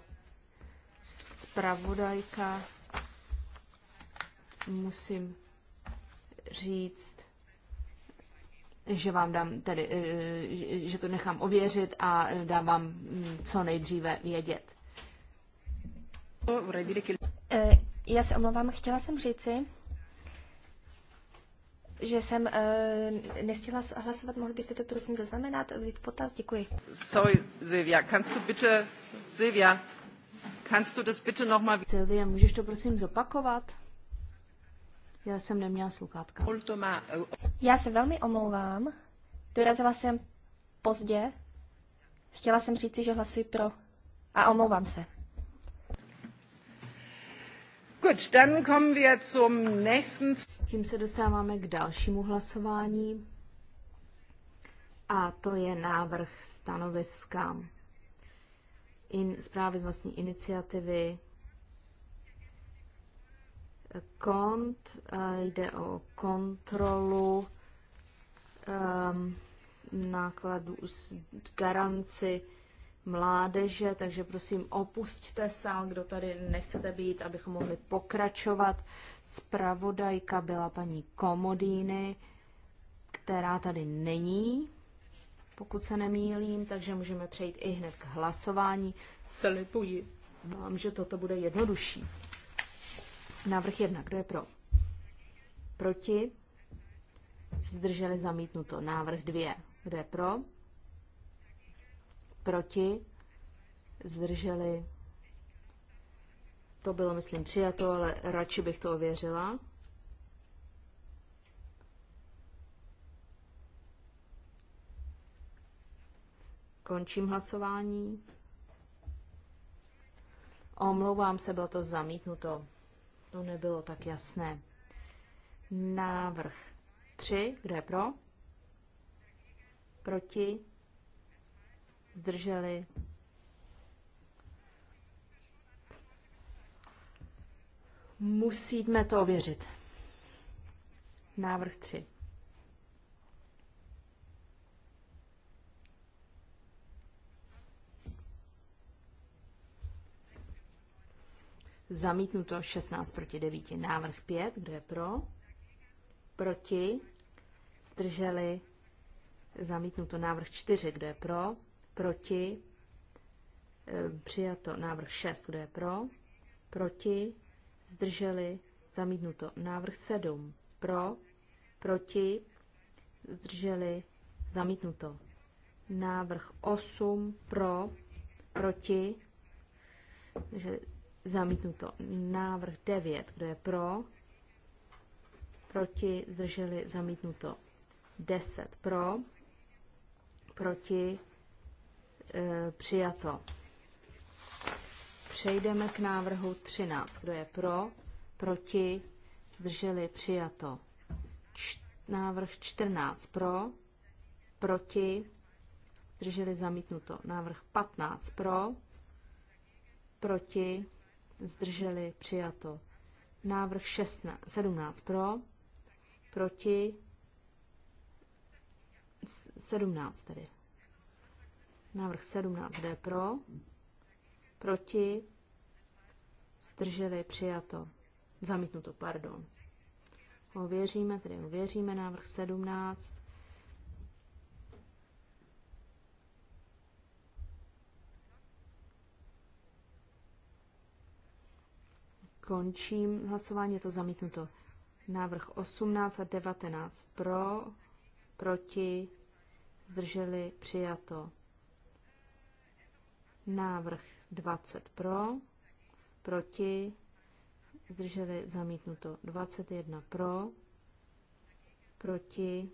zpravodajka musím říct, že vám dám tedy, eh, že to nechám ověřit a dám vám mm, co nejdříve vědět. Eh, já se omlouvám, chtěla jsem říci, že jsem uh, nestihla hlasovat. Mohli byste to prosím zaznamenat, vzít potaz? Děkuji. Sorry, Silvia, kannst du bitte, Silvia, kannst du das bitte nochmal... Silvia, můžeš to prosím zopakovat? Já jsem neměla sluchátka. Eh, Já se velmi omlouvám. Dorazila jsem pozdě. Chtěla jsem říci, že hlasuji pro. A omlouvám se. Gut, dann kommen wir zum nächsten... Tím se dostáváme k dalšímu hlasování. A to je návrh stanoviska in, zprávy z vlastní iniciativy kont, eh, jde o kontrolu um, ehm, nákladů, garanci mládeže, takže prosím opusťte sál, kdo tady nechcete být, abychom mohli pokračovat. Spravodajka byla paní Komodýny, která tady není, pokud se nemýlím, takže můžeme přejít i hned k hlasování. Slipuji vám, že toto bude jednodušší. Návrh jedna, kdo je pro? Proti? Zdrželi zamítnuto. Návrh dvě, kdo je pro? proti, zdrželi. To bylo, myslím, přijato, ale radši bych to ověřila. Končím hlasování. Omlouvám se, bylo to zamítnuto. To nebylo tak jasné. Návrh 3, kdo je pro? Proti? zdrželi. Musíme to ověřit. Návrh 3. Zamítnuto 16 proti 9. Návrh 5, kdo je pro? Proti. Zdrželi. Zamítnuto návrh 4, kdo je pro? proti, e, přijato návrh 6, kdo je pro, proti, zdrželi, zamítnuto. Návrh 7, pro, proti, zdrželi, zamítnuto. Návrh 8, pro, proti, že zamítnuto. Návrh 9, kdo je pro, proti, zdrželi, zamítnuto. 10 pro, proti, Eh, přijato. Přejdeme k návrhu 13. Kdo je pro? Proti? Drželi? Přijato. Č- návrh 14. Pro? Proti? Drželi? Zamítnuto. Návrh 15. Pro? Proti? Zdrželi? Přijato. Návrh 16, 17 pro, proti 17 tedy. Návrh 17. jde pro? Proti? Zdrželi? Přijato. Zamítnuto, pardon. Ověříme, tedy ověříme návrh 17. Končím hlasování, je to zamítnuto. Návrh 18 a 19 pro, proti, zdrželi, přijato. Návrh 20 pro, proti, zdrželi zamítnuto 21 pro, proti,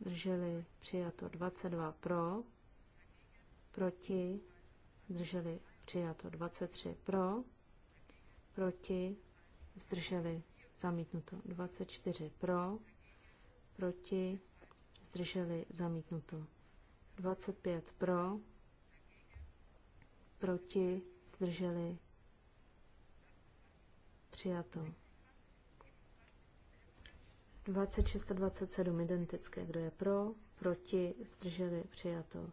zdrželi přijato 22 pro, proti, zdrželi přijato 23 pro, proti, zdrželi zamítnuto 24 pro, proti, zdrželi zamítnuto 25 pro, proti, zdrželi, přijato. 26 a 27 identické, kdo je pro, proti, zdrželi, přijato.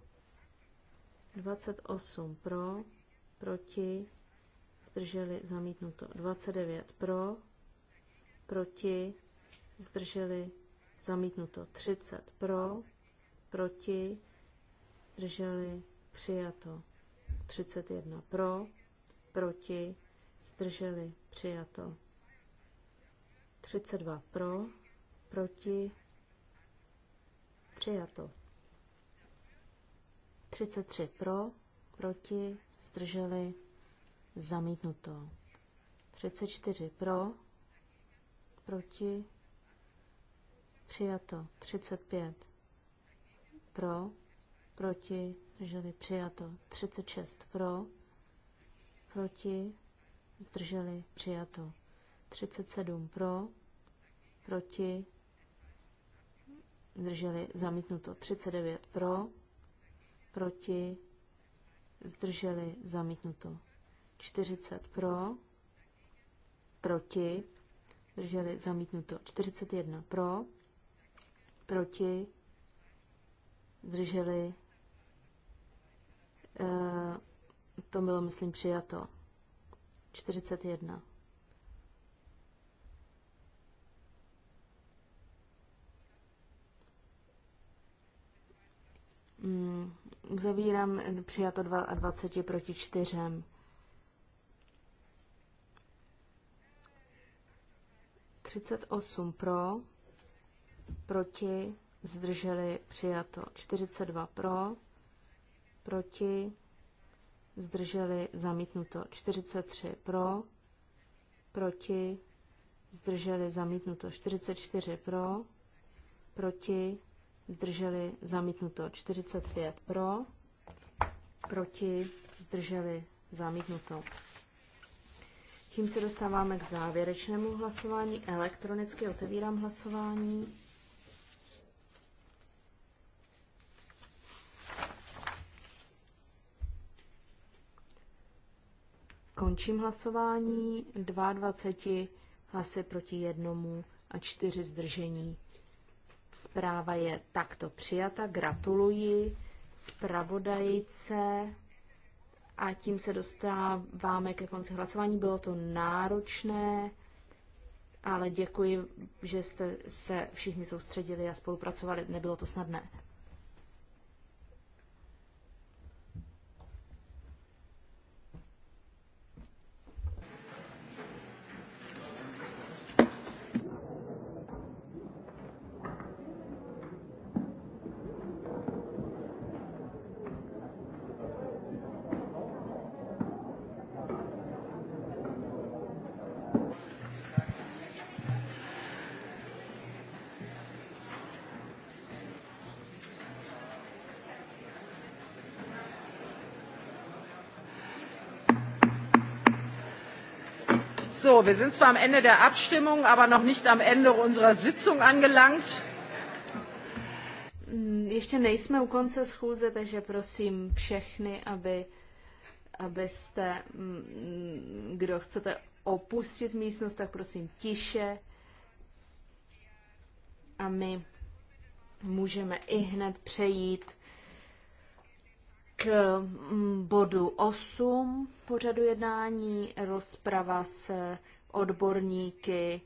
28 pro, proti, zdrželi, zamítnuto. 29 pro, proti, zdrželi, zamítnuto. 30 pro, proti, zdrželi, přijato. 31 pro, proti, zdrželi, přijato. 32 pro, proti, přijato. 33 pro, proti, zdrželi, zamítnuto. 34 pro, proti, přijato. 35 pro, proti, zdrželi přijato. 36 pro, proti, zdrželi přijato. 37 pro, proti, zdrželi zamítnuto. 39 pro, proti, zdrželi zamítnuto. 40 pro, proti, zdrželi zamítnuto. 41 pro, proti, zdrželi Eh, to bylo, myslím, přijato. 41. Mm, Zavírám eh, přijato 22 proti 4. Třicet osm pro, proti, zdrželi přijato. Čtyřicet dva pro, proti, zdrželi, zamítnuto. 43 pro, proti, zdrželi, zamítnuto. 44 pro, proti, zdrželi, zamítnuto. 45 pro, proti, zdrželi, zamítnuto. Tím se dostáváme k závěrečnému hlasování. Elektronicky otevírám hlasování. Končím hlasování. 22 hlasy proti jednomu a čtyři zdržení. Zpráva je takto přijata. Gratuluji zpravodajce. A tím se dostáváme ke konci hlasování. Bylo to náročné, ale děkuji, že jste se všichni soustředili a spolupracovali. Nebylo to snadné. wir sind zwar am Ende der Abstimmung, aber noch nicht am Ende unserer Sitzung angelangt. Mm, ještě nejsme u konce schůze, takže prosím všechny, aby, abyste, mm, kdo chcete opustit místnost, tak prosím tiše. A my můžeme i hned přejít k mm, bodu 8 pořadu jednání rozprava se odborníky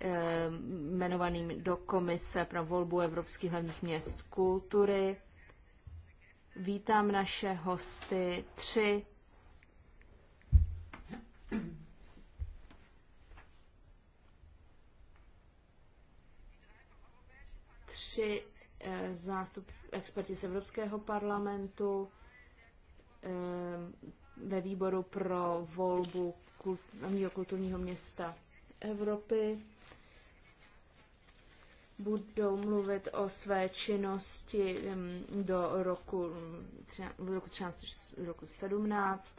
eh, jmenovaným do Komise pro volbu Evropských hlavních měst kultury. Vítám naše hosty tři. Tři eh, zástup experti z Evropského parlamentu eh, ve výboru pro volbu hlavního kulturního města Evropy. Budou mluvit o své činnosti do roku, v roku 13, roku 17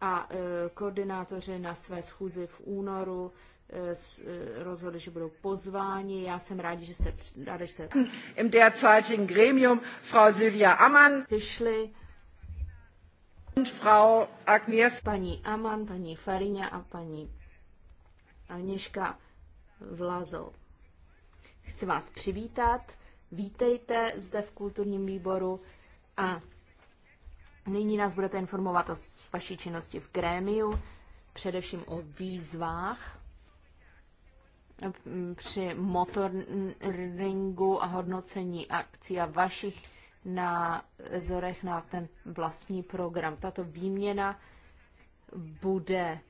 a e, koordinátoři na své schůzi v únoru e, e, rozhodli, že budou pozváni. Já jsem rádi, že jste... rádi, že jste... Im derzeitigen Gremium Frau Silvia Amann. Přišli Paní Aman, paní Fariňa a paní Agněška Vlazov. Chci vás přivítat. Vítejte zde v kulturním výboru a nyní nás budete informovat o vaší činnosti v grémiu, především o výzvách při motoringu a hodnocení akcí a vašich na zorech na ten vlastní program. Tato výměna bude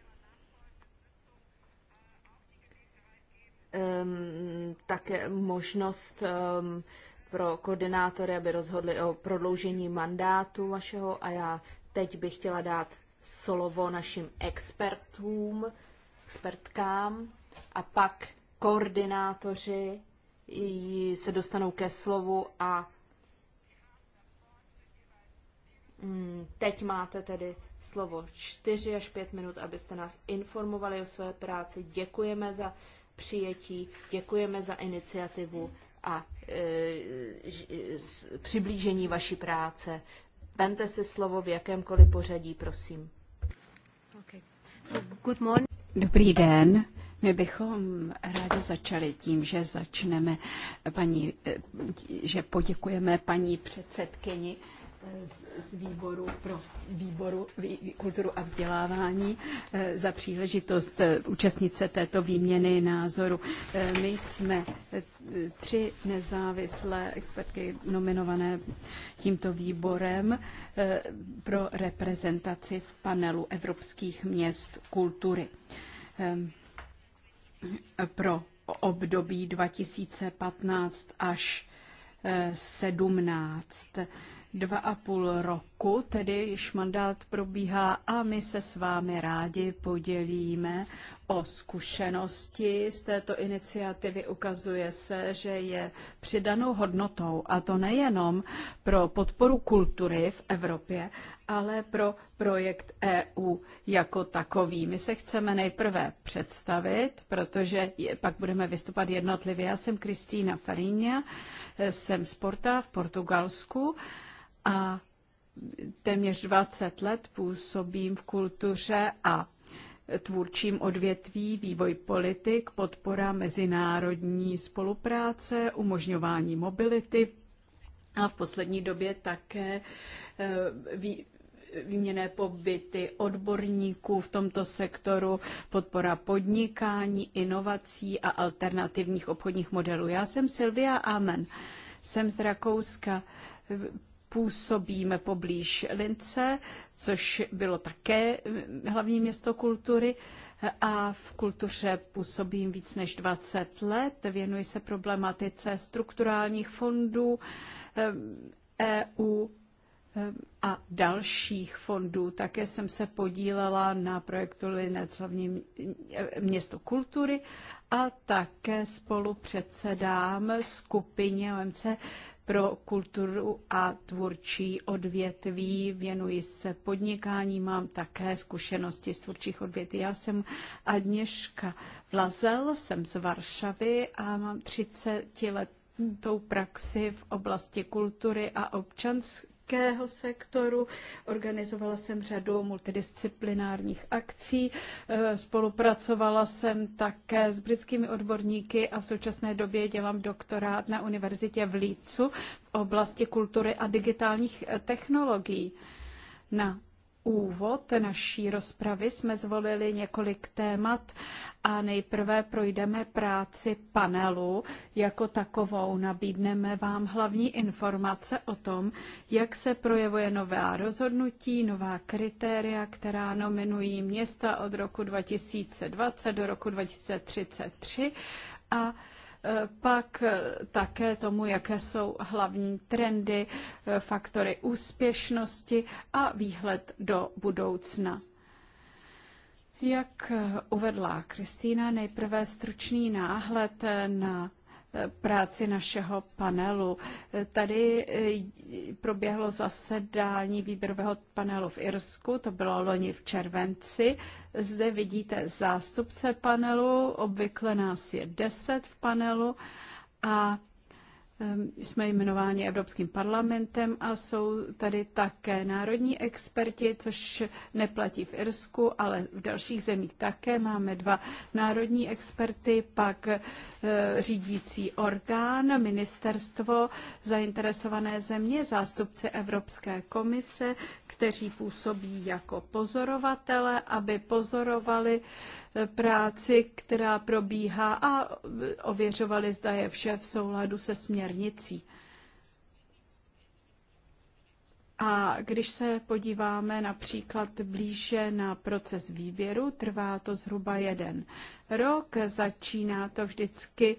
um, také možnost um, pro koordinátory, aby rozhodli o prodloužení mandátu vašeho a já teď bych chtěla dát slovo našim expertům, expertkám a pak koordinátoři se dostanou ke slovu a Mm, teď máte tedy slovo 4 až 5 minut, abyste nás informovali o své práci. Děkujeme za přijetí, děkujeme za iniciativu a e, e přiblížení vaší práce. Vemte si slovo v jakémkoliv pořadí, prosím. Okay. So, good morning. Dobrý den. My bychom rádi začali tím, že začneme paní, e, že poděkujeme paní předsedkyni z výboru pro výboru kulturu a vzdělávání eh, za příležitost eh, účastnit se této výměny názoru. Eh, my jsme tři nezávislé expertky nominované tímto výborem pro reprezentaci v panelu evropských měst kultury pro období 2015 až 17 dva a půl roku, tedy již mandát probíhá a my se s vámi rádi podělíme o zkušenosti z této iniciativy. Ukazuje se, že je přidanou hodnotou a to nejenom pro podporu kultury v Evropě, ale pro projekt EU jako takový. My se chceme nejprve představit, protože je, pak budeme vystupovat jednotlivě. Já jsem Kristýna Farinha, jsem z Porta v Portugalsku a téměř 20 let působím v kultuře a tvůrčím odvětví, vývoj politik, podpora mezinárodní spolupráce, umožňování mobility a v poslední době také eh, vý výměné pobyty odborníků v tomto sektoru, podpora podnikání, inovací a alternativních obchodních modelů. Já jsem Silvia Amen, jsem z Rakouska působíme poblíž Lince, což bylo také mm, hlavní město kultury a v kultuře působím víc než 20 let. Věnuji se problematice strukturálních fondů EU eh, e eh, a dalších fondů. Také jsem se podílela na projektu Linec hlavní eh, město kultury a také spolu předsedám skupině OMC pro kulturu a tvůrčí odvětví. Věnuji se podnikání, mám také zkušenosti z tvůrčích odvětví. Já jsem Agněška Vlazel, jsem z Varšavy a mám 30 let tou praxi v oblasti kultury a občanské leteckého sektoru. Organizovala jsem řadu multidisciplinárních akcí, e, spolupracovala jsem také s britskými odborníky a v současné době dělám doktorát na univerzitě v Lícu v oblasti kultury a digitálních technologií. Na úvod naší rozpravy jsme zvolili několik témat a nejprve projdeme práci panelu jako takovou. Nabídneme vám hlavní informace o tom, jak se projevuje nová rozhodnutí, nová kritéria, která nominují města od roku 2020 do roku 2033 a pak také tomu, jaké jsou hlavní trendy, faktory úspěšnosti a výhled do budoucna. Jak uvedla Kristýna, nejprve stručný náhled na práci našeho panelu. Tady eh, proběhlo zasedání výběrového panelu v Irsku, to bylo loni v červenci. Zde vidíte zástupce panelu, obvykle nás je deset v panelu a Ehm, jsme jmenováni Evropským parlamentem a jsou tady také národní experti, což neplatí v Irsku, ale v dalších zemích také. Máme dva národní experty, pak eh, řídící orgán, ministerstvo, zainteresované země, zástupci Evropské komise, kteří působí jako pozorovatele, aby pozorovali práci, která probíhá a ověřovali, zda je vše v souladu se směrnicí. A když se podíváme například blíže na proces výběru, trvá to zhruba jeden rok, začíná to vždycky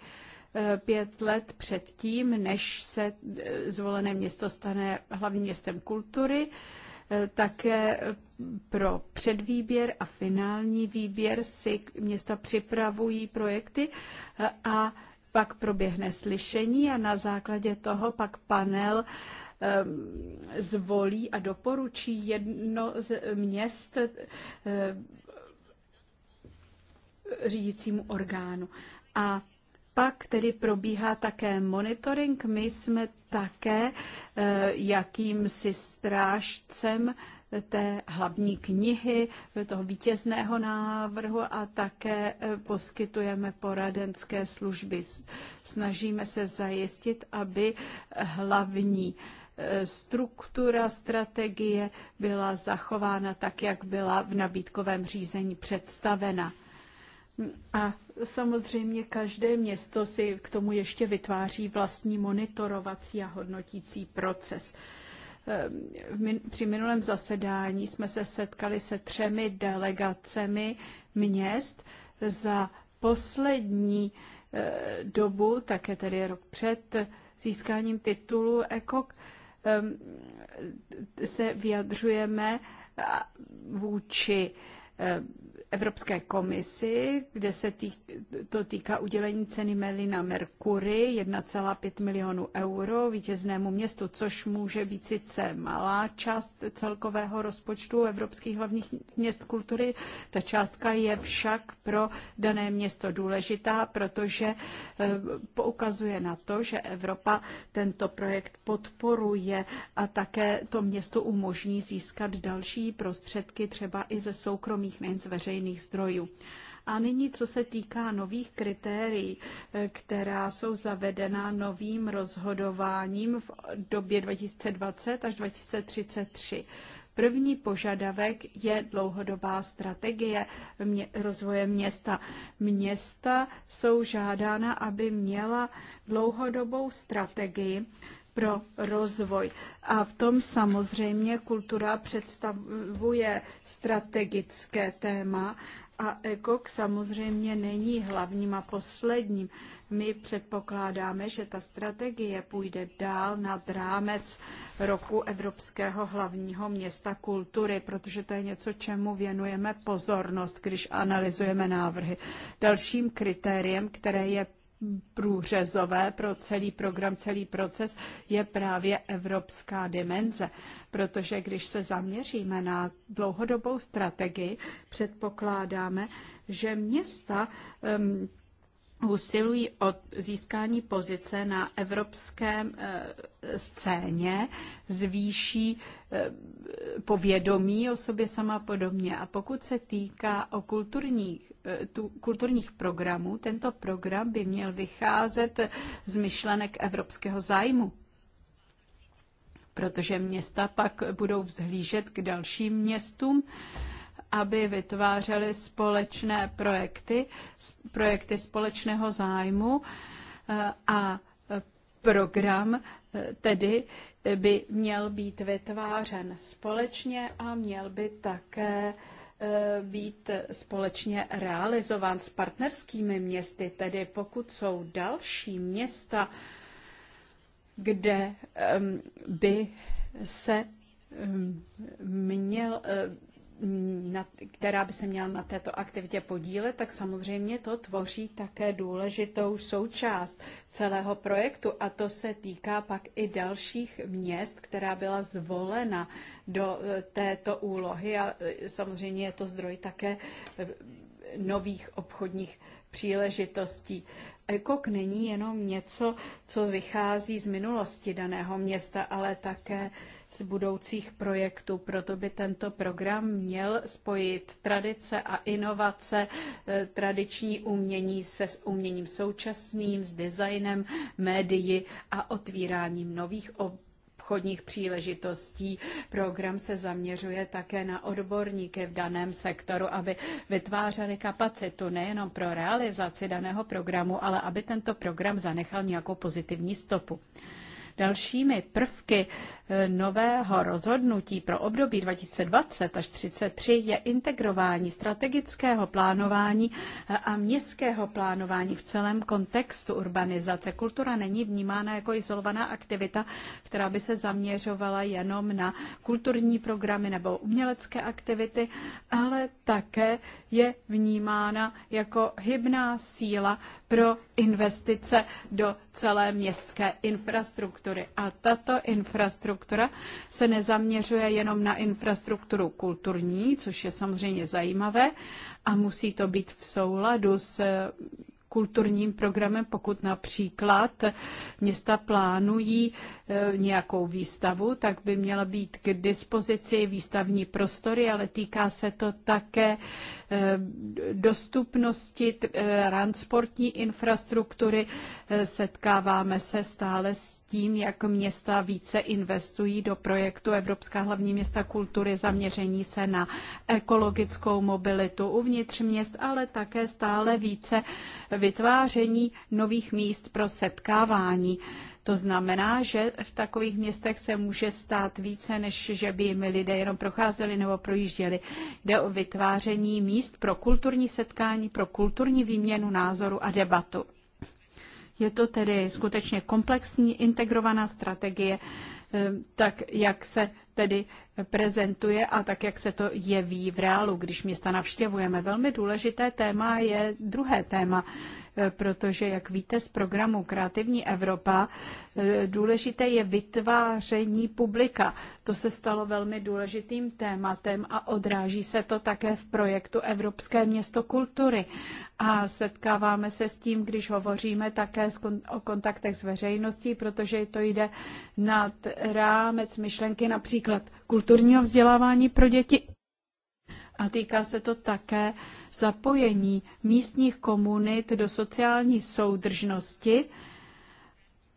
eh, pět let předtím, než se eh, zvolené město stane hlavním městem kultury. Také pro předvýběr a finální výběr si města připravují projekty a pak proběhne slyšení a na základě toho pak panel zvolí a doporučí jedno z měst řídícímu orgánu. A pak tedy probíhá také monitoring. My jsme také eh, jakýmsi strážcem eh, té hlavní knihy, eh, toho vítězného návrhu a také poskytujeme poradenské služby. Snažíme se zajistit, aby hlavní struktura strategie byla zachována tak, jak byla v nabídkovém řízení představena. A samozřejmě každé město si k tomu ještě vytváří vlastní monitorovací a hodnotící proces. Ehm, při minulém zasedání jsme se setkali se třemi delegacemi měst za poslední eh, dobu, také tedy rok před získáním titulu ECOC, ehm, se vyjadřujeme vůči ehm, Evropské komisi, kde se týk, to týká udělení ceny Melina Mercury 1,5 milionu euro vítěznému městu, což může být sice malá část celkového rozpočtu Evropských hlavních měst kultury. Ta částka je však pro dané město důležitá, protože eh, poukazuje na to, že Evropa tento projekt podporuje a také to město umožní získat další prostředky třeba i ze soukromých, nejen z veřejných veřejných zdrojů. A nyní, co se týká nových kritérií, eh, která jsou zavedena novým rozhodováním v době 2020 až 2033. První požadavek je dlouhodobá strategie mě, rozvoje města. Města jsou žádána, aby měla dlouhodobou strategii pro rozvoj. A v tom samozřejmě kultura představuje strategické téma a ekok samozřejmě není hlavním a posledním. My předpokládáme, že ta strategie půjde dál nad rámec roku Evropského hlavního města kultury, protože to je něco, čemu věnujeme pozornost, když analyzujeme návrhy. Dalším kritériem, které je průřezové pro celý program, celý proces je právě evropská dimenze. Protože když se zaměříme na dlouhodobou strategii, předpokládáme, že města usilují o získání pozice na evropské eh, scéně, zvýší eh, povědomí o sobě sama podobně. A pokud se týká o kulturních, eh, tu, kulturních programů, tento program by měl vycházet z myšlenek evropského zájmu protože města pak budou vzhlížet k dalším městům aby vytvářely společné projekty, projekty společného zájmu eh, a program eh, tedy by měl být vytvářen společně a měl by také eh, být společně realizován s partnerskými městy. Tedy pokud jsou další města, kde by se měl na, která by se měla na této aktivitě podílet, tak samozřejmě to tvoří také důležitou součást celého projektu a to se týká pak i dalších měst, která byla zvolena do e, této úlohy a e, samozřejmě je to zdroj také e, nových obchodních příležitostí. Ekok není jenom něco, co vychází z minulosti daného města, ale také z budoucích projektů. Proto by tento program měl spojit tradice a inovace, eh, tradiční umění se s uměním současným, s designem, médií a otvíráním nových ob obchodních příležitostí. Program se zaměřuje také na odborníky v daném sektoru, aby vytvářeli kapacitu nejenom pro realizaci daného programu, ale aby tento program zanechal nějakou pozitivní stopu. Dalšími prvky eh, nového rozhodnutí pro období 2020 až 2033 je integrování strategického plánování a městského plánování v celém kontextu urbanizace. Kultura není vnímána jako izolovaná aktivita, která by se zaměřovala jenom na kulturní programy nebo umělecké aktivity, ale také je vnímána jako hybná síla pro investice do celé městské infrastruktury. A tato infrastruktura se nezaměřuje jenom na infrastrukturu kulturní, což je samozřejmě zajímavé a musí to být v souladu s kulturním programem, pokud například města plánují e, nějakou výstavu, tak by měla být k dispozici výstavní prostory, ale týká se to také Eh, dostupnosti eh, transportní infrastruktury. Eh, setkáváme se stále s tím, jak města více investují do projektu Evropská hlavní města kultury, zaměření se na ekologickou mobilitu uvnitř měst, ale také stále více vytváření nových míst pro setkávání. To znamená, že v takových městech se může stát více, než že by jim lidé jenom procházeli nebo projížděli. Jde o vytváření míst pro kulturní setkání, pro kulturní výměnu názoru a debatu. Je to tedy skutečně komplexní integrovaná strategie, eh, tak jak se tedy prezentuje a tak, jak se to jeví v reálu, když města navštěvujeme. Velmi důležité téma je druhé téma, eh, protože, jak víte z programu Kreativní Evropa, eh, důležité je vytváření publika. To se stalo velmi důležitým tématem a odráží se to také v projektu Evropské město kultury. A setkáváme se s tím, když hovoříme také o kontaktech s veřejností, protože to jde nad rámec myšlenky například například kulturního vzdělávání pro děti. A týká se to také zapojení místních komunit do sociální soudržnosti.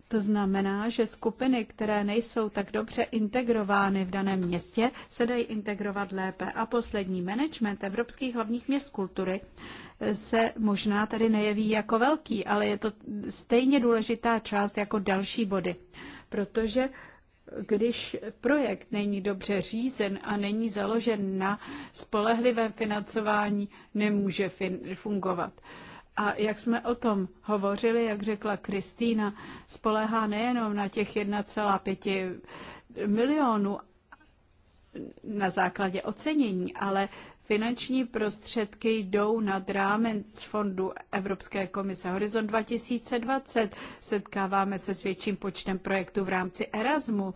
To znamená, že skupiny, které nejsou tak dobře integrovány v daném městě, se dají integrovat lépe. A poslední management evropských hlavních měst kultury se možná tady nejeví jako velký, ale je to stejně důležitá část jako další body, protože když projekt není dobře řízen a není založen na spolehlivém financování, nemůže fin- fungovat. A jak jsme o tom hovořili, jak řekla Kristýna, spolehá nejenom na těch 1,5 milionů na základě ocenění, ale Finanční prostředky jdou nad rámec fondu Evropské komise Horizon 2020. Setkáváme se s větším počtem projektů v rámci Erasmu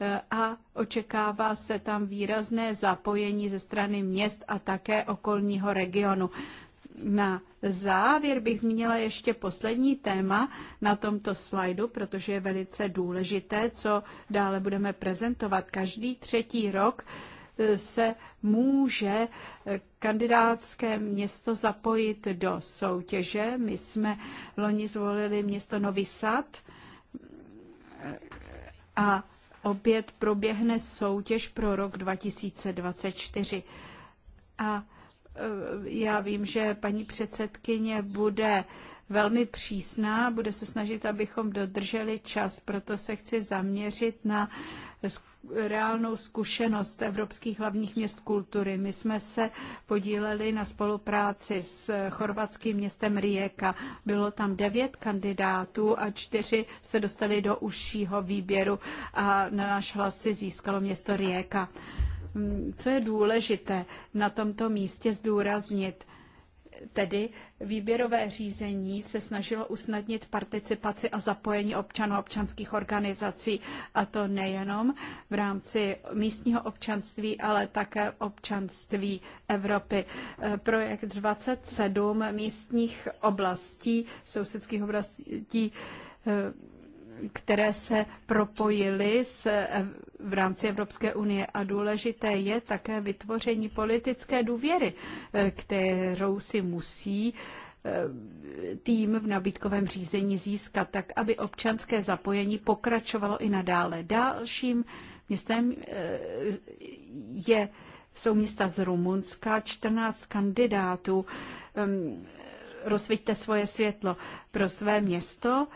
eh, a očekává se tam výrazné zapojení ze strany měst a také okolního regionu. Na závěr bych zmínila ještě poslední téma na tomto slajdu, protože je velice důležité, co dále budeme prezentovat. Každý třetí rok se může eh, kandidátské město zapojit do soutěže. My jsme loni zvolili město Novi Sad eh, a opět proběhne soutěž pro rok 2024. A eh, já vím, že paní předsedkyně bude velmi přísná, bude se snažit, abychom dodrželi čas, proto se chci zaměřit na reálnou zkušenost evropských hlavních měst kultury. My jsme se podíleli na spolupráci s chorvatským městem Rijeka. Bylo tam devět kandidátů a čtyři se dostali do užšího výběru a na náš hlas si získalo město Rijeka. Mm, co je důležité na tomto místě zdůraznit? Tedy výběrové řízení se snažilo usnadnit participaci a zapojení občanů a občanských organizací, a to nejenom v rámci místního občanství, ale také občanství Evropy. Eh, projekt 27 místních oblastí, sousedských oblastí, eh, které se propojily s, eh, v rámci Evropské unie. A důležité je také vytvoření politické důvěry, eh, kterou si musí eh, tým v nabídkovém řízení získat, tak aby občanské zapojení pokračovalo i nadále. Dalším městem je, jsou města z Rumunska, 14 kandidátů. Ehm, Rozviďte svoje světlo pro své město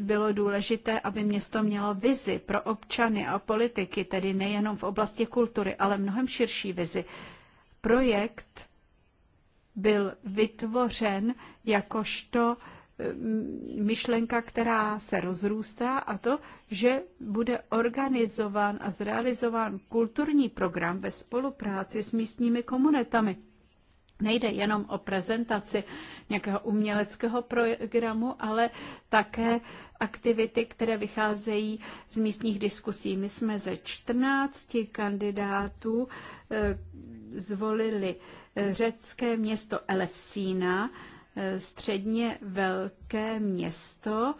bylo důležité, aby město mělo vizi pro občany a politiky, tedy nejenom v oblasti kultury, ale mnohem širší vizi. Projekt byl vytvořen jakožto mm, myšlenka, která se rozrůstá a to, že bude organizován a zrealizován kulturní program ve spolupráci s místními komunitami Nejde jenom o prezentaci nějakého uměleckého programu, ale také aktivity, které vycházejí z místních diskusí. My jsme ze 14 kandidátů eh, zvolili eh, řecké město Elefsína, eh, středně velké město,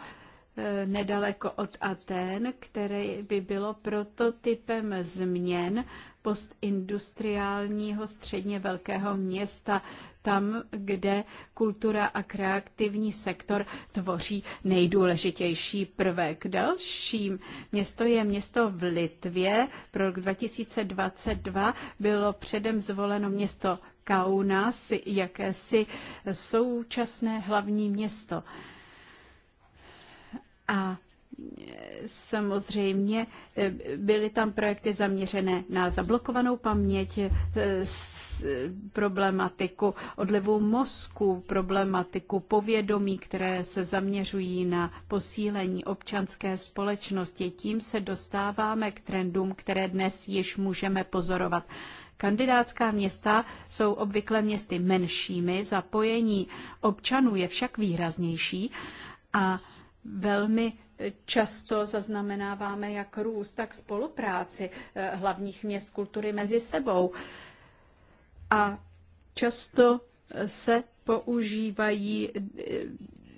nedaleko od Aten, které by bylo prototypem změn postindustriálního středně velkého města, tam, kde kultura a kreativní sektor tvoří nejdůležitější prvek. Dalším město je město v Litvě. Pro rok 2022 bylo předem zvoleno město Kaunas, jakési současné hlavní město. A Samozřejmě eh, byly tam projekty zaměřené na zablokovanou paměť, eh, problematiku odlivu mozku, problematiku povědomí, které se zaměřují na posílení občanské společnosti. Tím se dostáváme k trendům, které dnes již můžeme pozorovat. Kandidátská města jsou obvykle městy menšími, zapojení občanů je však výraznější a velmi Často zaznamenáváme jak růst, tak spolupráci eh, hlavních měst kultury mezi sebou. A často se používají eh,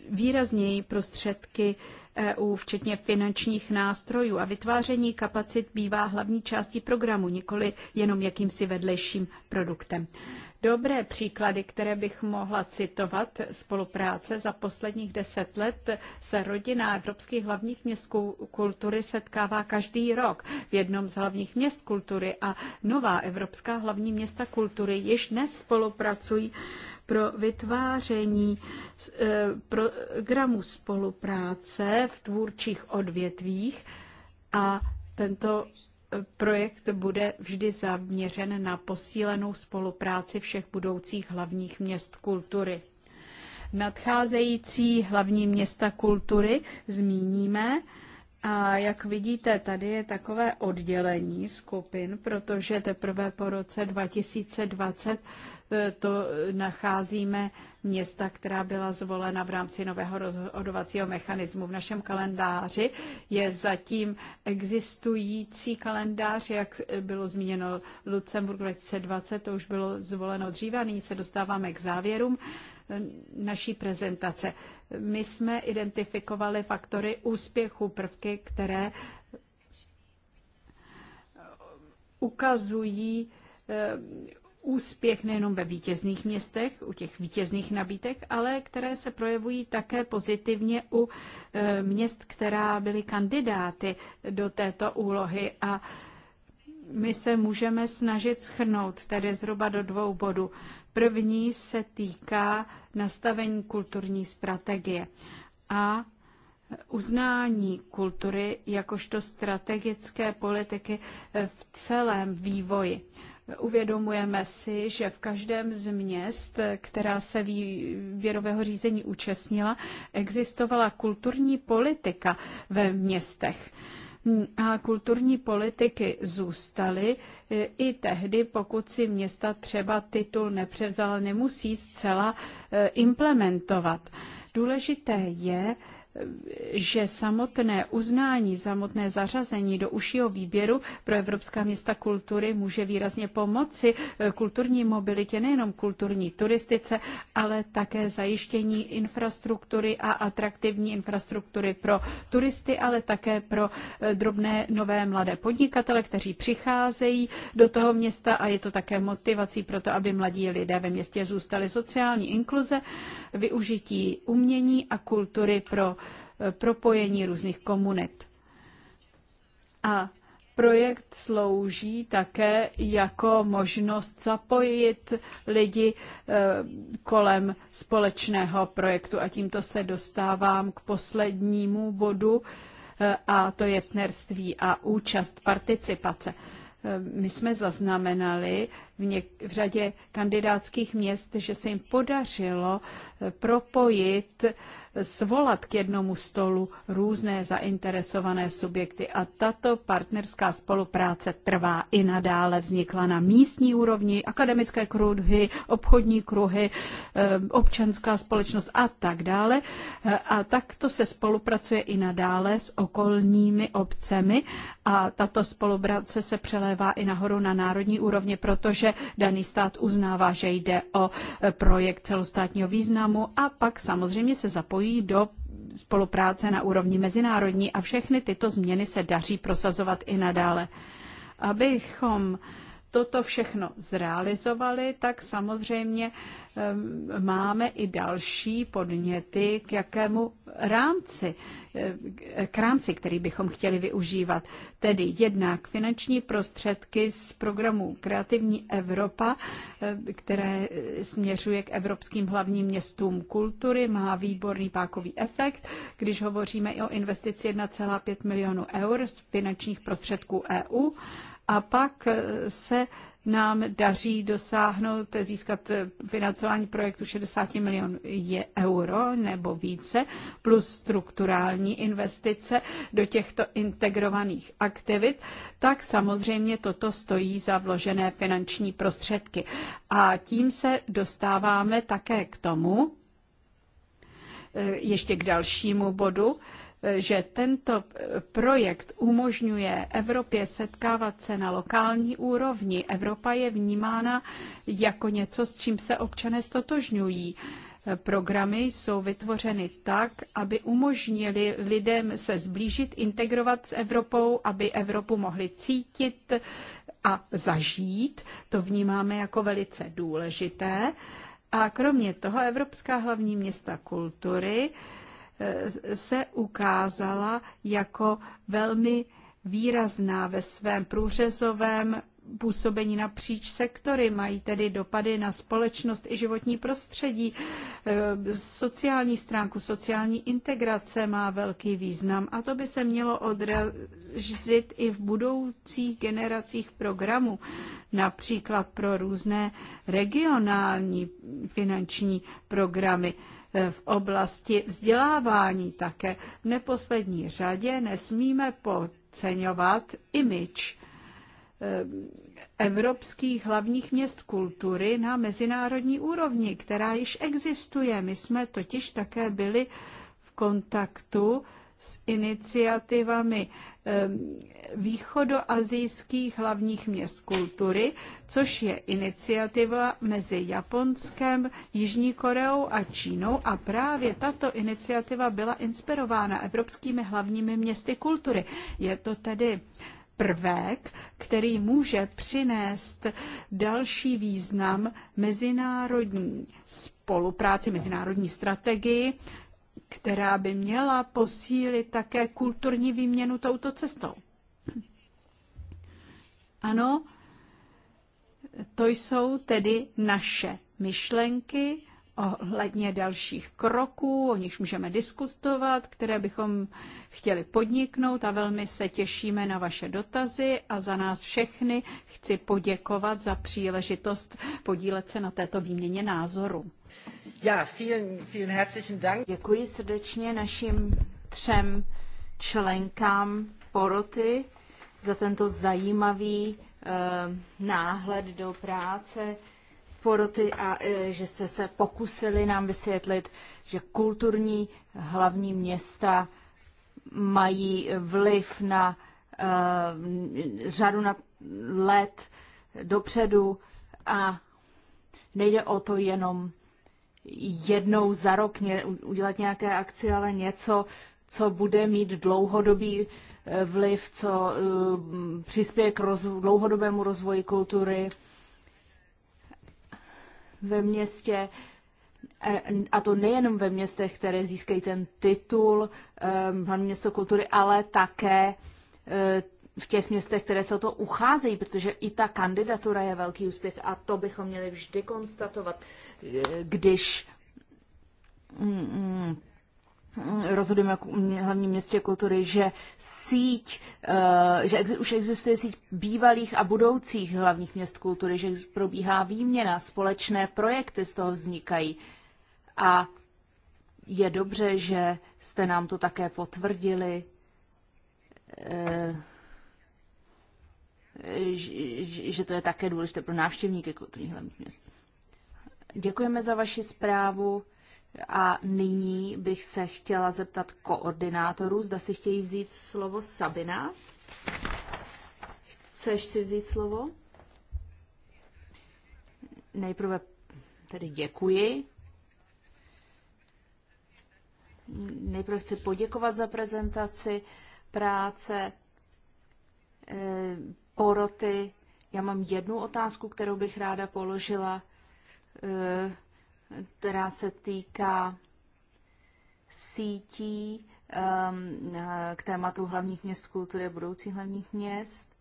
výrazněji prostředky EU, včetně finančních nástrojů a vytváření kapacit bývá hlavní částí programu, nikoli jenom jakýmsi vedlejším produktem. Dobré příklady, které bych mohla citovat, spolupráce za posledních deset let se rodina evropských hlavních měst kultury setkává každý rok v jednom z hlavních měst kultury a nová evropská hlavní města kultury již dnes spolupracují pro vytváření e, programu spolupráce v tvůrčích odvětvích a tento projekt bude vždy zaměřen na posílenou spolupráci všech budoucích hlavních měst kultury. Nadcházející hlavní města kultury zmíníme. A jak vidíte, tady je takové oddělení skupin, protože teprve po roce 2020 E, to nacházíme města, která byla zvolena v rámci nového rozhodovacího mechanismu. V našem kalendáři je zatím existující kalendář, jak bylo zmíněno Lucemburg 2020, to už bylo zvoleno dříve a nyní se dostáváme k závěrům e, naší prezentace. My jsme identifikovali faktory úspěchu, prvky, které ukazují e, úspěch nejenom ve vítězných městech, u těch vítězných nabídek, ale které se projevují také pozitivně u e, měst, která byly kandidáty do této úlohy. A my se můžeme snažit schrnout tedy zhruba do dvou bodů. První se týká nastavení kulturní strategie a uznání kultury jakožto strategické politiky v celém vývoji. Uvědomujeme si, že v každém z měst, která se výběrového řízení účastnila, existovala kulturní politika ve městech. A kulturní politiky zůstaly e, i tehdy, pokud si města třeba titul nepřevzala, nemusí zcela e, implementovat. Důležité je, že samotné uznání, samotné zařazení do užšího výběru pro Evropská města kultury může výrazně pomoci eh, kulturní mobilitě, nejenom kulturní turistice, ale také zajištění infrastruktury a atraktivní infrastruktury pro turisty, ale také pro eh, drobné nové mladé podnikatele, kteří přicházejí do toho města a je to také motivací pro to, aby mladí lidé ve městě zůstali sociální inkluze, využití umění a kultury pro propojení různých komunit. A projekt slouží také jako možnost zapojit lidi eh, kolem společného projektu. A tímto se dostávám k poslednímu bodu, eh, a to je partnerství a účast, participace. Eh, my jsme zaznamenali v, něk- v řadě kandidátských měst, že se jim podařilo propojit uh, svolat k jednomu stolu různé zainteresované subjekty a tato partnerská spolupráce trvá i nadále. Vznikla na místní úrovni, akademické kruhy, obchodní kruhy, eh, občanská společnost a tak dále. Eh, a takto se spolupracuje i nadále s okolními obcemi a tato spolupráce se přelévá i nahoru na národní úrovni, protože daný stát uznává, že jde o eh, projekt celostátního významu a pak samozřejmě se zapojí zapojí do spolupráce na úrovni mezinárodní a všechny tyto změny se daří prosazovat i nadále. Abychom toto všechno zrealizovali, tak samozřejmě ehm, máme i další podněty k jakému rámci Eh, k rámci, který bychom chtěli využívat. Tedy jednak finanční prostředky z programu Kreativní Evropa, eh, které směřuje k evropským hlavním městům kultury, má výborný pákový efekt. Když hovoříme i o investici 1,5 milionu eur z finančních prostředků EU, a pak eh, se nám daří dosáhnout, získat eh, financování projektu 60 milionů euro nebo více, plus strukturální investice do těchto integrovaných aktivit, tak samozřejmě toto stojí za vložené finanční prostředky. A tím se dostáváme také k tomu, eh, ještě k dalšímu bodu, že tento projekt umožňuje Evropě setkávat se na lokální úrovni. Evropa je vnímána jako něco, s čím se občané stotožňují. Programy jsou vytvořeny tak, aby umožnili lidem se zblížit, integrovat s Evropou, aby Evropu mohli cítit a zažít. To vnímáme jako velice důležité. A kromě toho Evropská hlavní města kultury Eh, se ukázala jako velmi výrazná ve svém průřezovém působení napříč sektory, mají tedy dopady na společnost i životní prostředí. Eh, sociální stránku, sociální integrace má velký význam a to by se mělo odrazit i v budoucích generacích programů, například pro různé regionální finanční programy v oblasti vzdělávání také. V neposlední řadě nesmíme podceňovat image eh, evropských hlavních měst kultury na mezinárodní úrovni, která již existuje. My jsme totiž také byli v kontaktu s iniciativami východoazijských hlavních měst kultury, což je iniciativa mezi Japonskem, Jižní Koreou a Čínou. A právě tato iniciativa byla inspirována evropskými hlavními městy kultury. Je to tedy prvek, který může přinést další význam mezinárodní spolupráci, mezinárodní strategii která by měla posílit také kulturní výměnu touto cestou. Ano, to jsou tedy naše myšlenky ohledně dalších kroků, o nichž můžeme diskutovat, které bychom chtěli podniknout a velmi se těšíme na vaše dotazy a za nás všechny chci poděkovat za příležitost podílet se na této výměně názoru. Ja, vielen, vielen herzlichen Dank. Děkuji srdečně našim třem členkám poroty za tento zajímavý uh, náhled do práce poroty a uh, že jste se pokusili nám vysvětlit, že kulturní hlavní města mají vliv na uh, řadu na let dopředu a nejde o to jenom jednou za rok ně, udělat nějaké akci, ale něco, co bude mít dlouhodobý eh, vliv, co uh, přispěje k rozvo- dlouhodobému rozvoji kultury ve městě. Eh, a to nejenom ve městech, které získají ten titul hlavní město kultury, ale také uh, v těch městech, které se o to ucházejí, protože i ta kandidatura je velký úspěch a to bychom měli vždy konstatovat když mm, mm, rozhodujeme jako hlavním městě kultury, že síť, eh, že už existuje síť bývalých a budoucích hlavních měst kultury, že probíhá výměna, společné projekty z toho vznikají. A je dobře, že jste nám to také potvrdili, eh, že to je také důležité pro návštěvníky kulturních hlavních měst. Děkujeme za vaši zprávu a nyní bych se chtěla zeptat koordinátorů, zda si chtějí vzít slovo Sabina. Chceš si vzít slovo? Nejprve tedy děkuji. Nejprve chci poděkovat za prezentaci práce eh, poroty. Já mám jednu otázku, kterou bych ráda položila která se týká sítí ehm, eh, k tématu hlavních měst kultury a budoucích hlavních měst.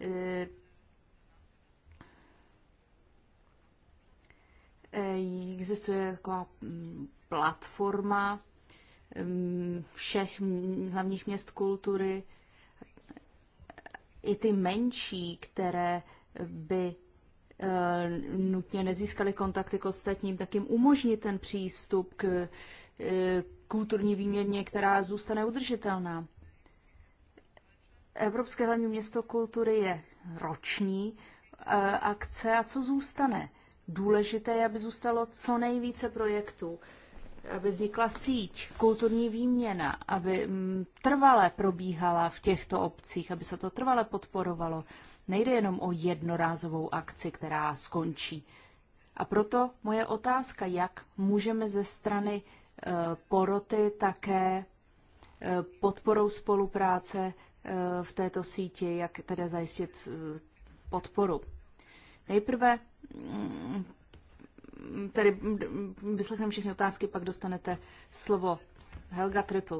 Eh, existuje taková hm, platforma hm, všech hlavních měst kultury, i ty menší, které by Eh, nutně nezískali kontakty k ostatním, tak jim umožnit ten přístup k eh, kulturní výměně, která zůstane udržitelná. Evropské hlavní město kultury je roční eh, akce a co zůstane? Důležité je, aby zůstalo co nejvíce projektů, aby vznikla síť, kulturní výměna, aby mm, trvale probíhala v těchto obcích, aby se to trvale podporovalo. Nejde jenom o jednorázovou akci, která skončí. A proto moje otázka, jak můžeme ze strany e, poroty také e, podporou spolupráce e, v této síti, jak tedy zajistit podporu. Nejprve mm, tedy vyslechneme všechny otázky, pak dostanete slovo. Helga Triple.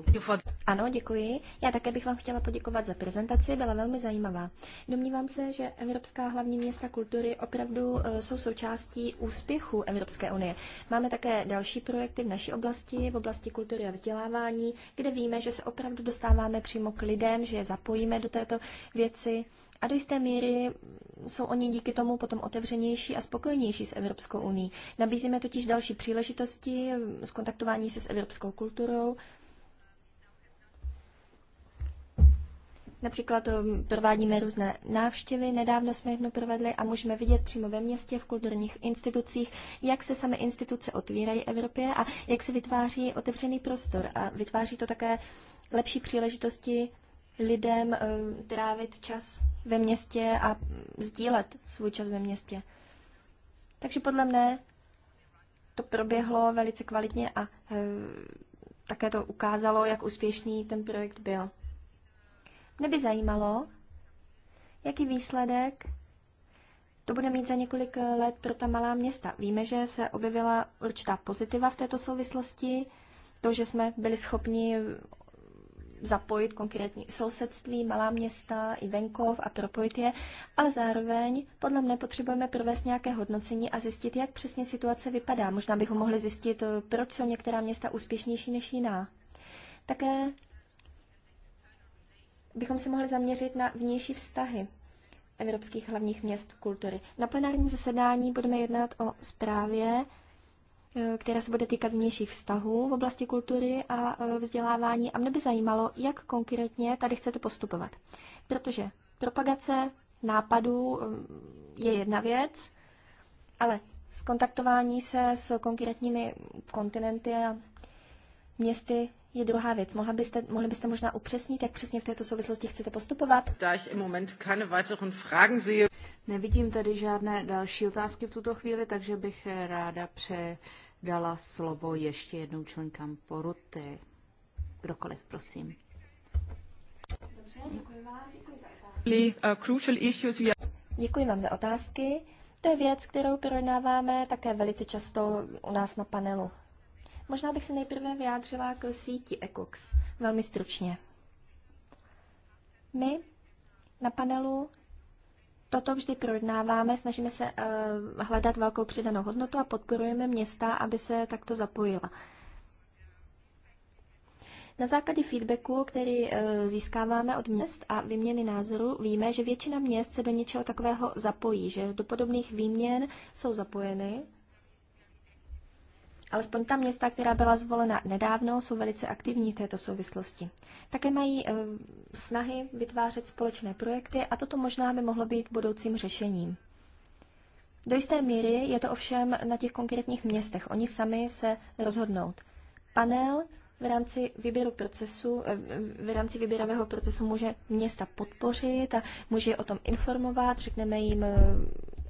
Ano, děkuji. Já také bych vám chtěla poděkovat za prezentaci, byla velmi zajímavá. Domnívám se, že Evropská hlavní města kultury opravdu e, jsou součástí úspěchu Evropské unie. Máme také další projekty v naší oblasti, v oblasti kultury a vzdělávání, kde víme, že se opravdu dostáváme přímo k lidem, že je zapojíme do této věci a do jisté míry jsou oni díky tomu potom otevřenější a spokojenější s Evropskou uní. Nabízíme totiž další příležitosti z kontaktování se s evropskou kulturou. Například um, provádíme různé návštěvy, nedávno jsme jedno provedli a můžeme vidět přímo ve městě, v kulturních institucích, jak se samé instituce otvírají Evropě a jak se vytváří otevřený prostor. A vytváří to také lepší příležitosti lidem eh, trávit čas ve městě a sdílet svůj čas ve městě. Takže podle mne to proběhlo velice kvalitně a eh, také to ukázalo, jak úspěšný ten projekt byl. Mě by zajímalo, jaký výsledek to bude mít za několik eh, let pro ta malá města. Víme, že se objevila určitá pozitiva v této souvislosti, to, že jsme byli schopni zapojit konkrétní sousedství, malá města i venkov a propojit je, ale zároveň podle mne potřebujeme provést nějaké hodnocení a zjistit, jak přesně situace vypadá. Možná bychom mohli zjistit, eh, proč jsou některá města úspěšnější než jiná. Také bychom se mohli zaměřit na vnější vztahy evropských hlavních měst kultury. Na plenárním zasedání budeme jednat o zprávě Eh, která se bude týkat vnějších vztahů v oblasti kultury a eh, vzdělávání a mne by zajímalo, jak konkrétně tady chcete postupovat. Protože propagace nápadů eh, je jedna věc, ale skontaktování se s konkrétními kontinenty a městy je druhá věc. Mohla byste, mohli byste možná upřesnit, jak přesně v této souvislosti chcete postupovat? Nevidím tady žádné další otázky v tuto chvíli, takže bych ráda předala slovo ještě jednou členkám poruty. Kdokoliv, prosím. Dobře, děkuji vám, děkuji za otázky. Uh, děkuji vám za otázky. To je věc, kterou projednáváme také velice často u nás na panelu Možná bych se nejprve vyjádřila k síti ECOX, velmi stručně. My na panelu toto vždy projednáváme, snažíme se uh, hledat velkou přidanou hodnotu a podporujeme města, aby se takto zapojila. Na základě feedbacku, který eh, získáváme od měst a vyměny názoru víme, že většina měst se do něčeho takového zapojí, že do podobných výměn jsou zapojeny Alespoň ta města, která byla zvolena nedávno, jsou velice aktivní v této souvislosti. Také mají eh, snahy vytvářet společné projekty a toto možná by mohlo být budoucím řešením. Do jisté míry je to ovšem na těch konkrétních městech. Oni sami se rozhodnout. Panel v rámci výběru procesu, eh, v rámci výběrového procesu může města podpořit a může je o tom informovat, řekneme jim, eh,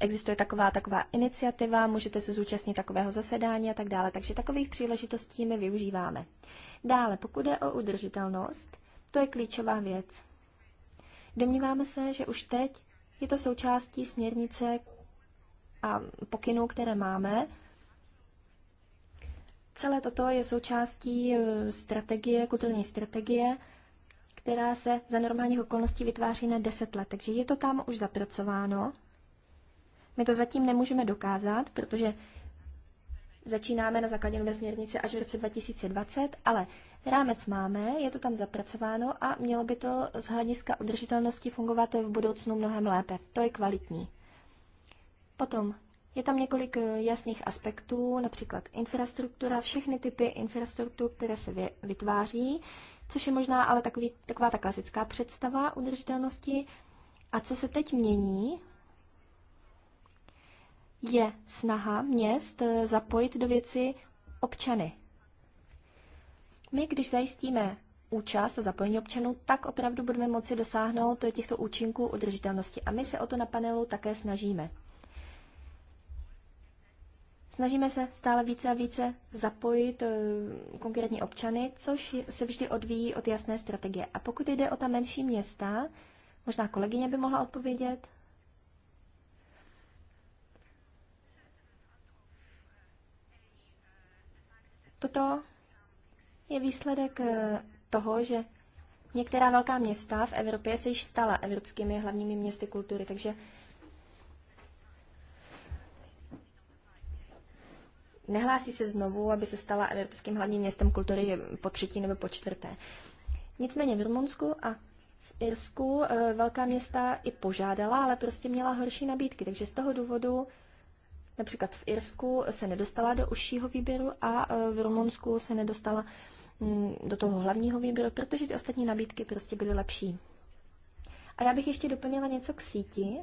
existuje taková taková iniciativa, můžete se zúčastnit takového zasedání a tak dále. Takže takových příležitostí my využíváme. Dále, pokud je o udržitelnost, to je klíčová věc. Domníváme se, že už teď je to součástí směrnice a pokynů, které máme. Celé toto je součástí eh, strategie, kulturní strategie, která se za normálních okolností vytváří na 10 let. Takže je to tam už zapracováno. My to zatím nemůžeme dokázat, protože začínáme na základě nové směrnice až v roce 2020, ale rámec máme, je to tam zapracováno a mělo by to z hlediska udržitelnosti fungovat v budoucnu mnohem lépe. To je kvalitní. Potom je tam několik eh, jasných aspektů, například infrastruktura, všechny typy infrastruktur, které se vytváří, což je možná ale takový, taková ta klasická představa udržitelnosti. A co se teď mění je snaha měst eh, zapojit do věci občany. My, když zajistíme účast a zapojení občanů, tak opravdu budeme moci dosáhnout těchto účinků udržitelnosti. A my se o to na panelu také snažíme. Snažíme se stále více a více zapojit eh, konkrétní občany, což se vždy odvíjí od jasné strategie. A pokud jde o ta menší města, možná kolegyně by mohla odpovědět. Toto je výsledek eh, toho, že některá velká města v Evropě se již stala evropskými hlavními městy kultury, takže nehlásí se znovu, aby se stala evropským hlavním městem kultury po třetí nebo po čtvrté. Nicméně v Rumunsku a v Irsku eh, velká města i požádala, ale prostě měla horší nabídky, takže z toho důvodu Například v Irsku se nedostala do užšího výběru a e, v Rumunsku se nedostala mm, do toho hlavního výběru, protože ty ostatní nabídky prostě byly lepší. A já bych ještě doplnila něco k síti.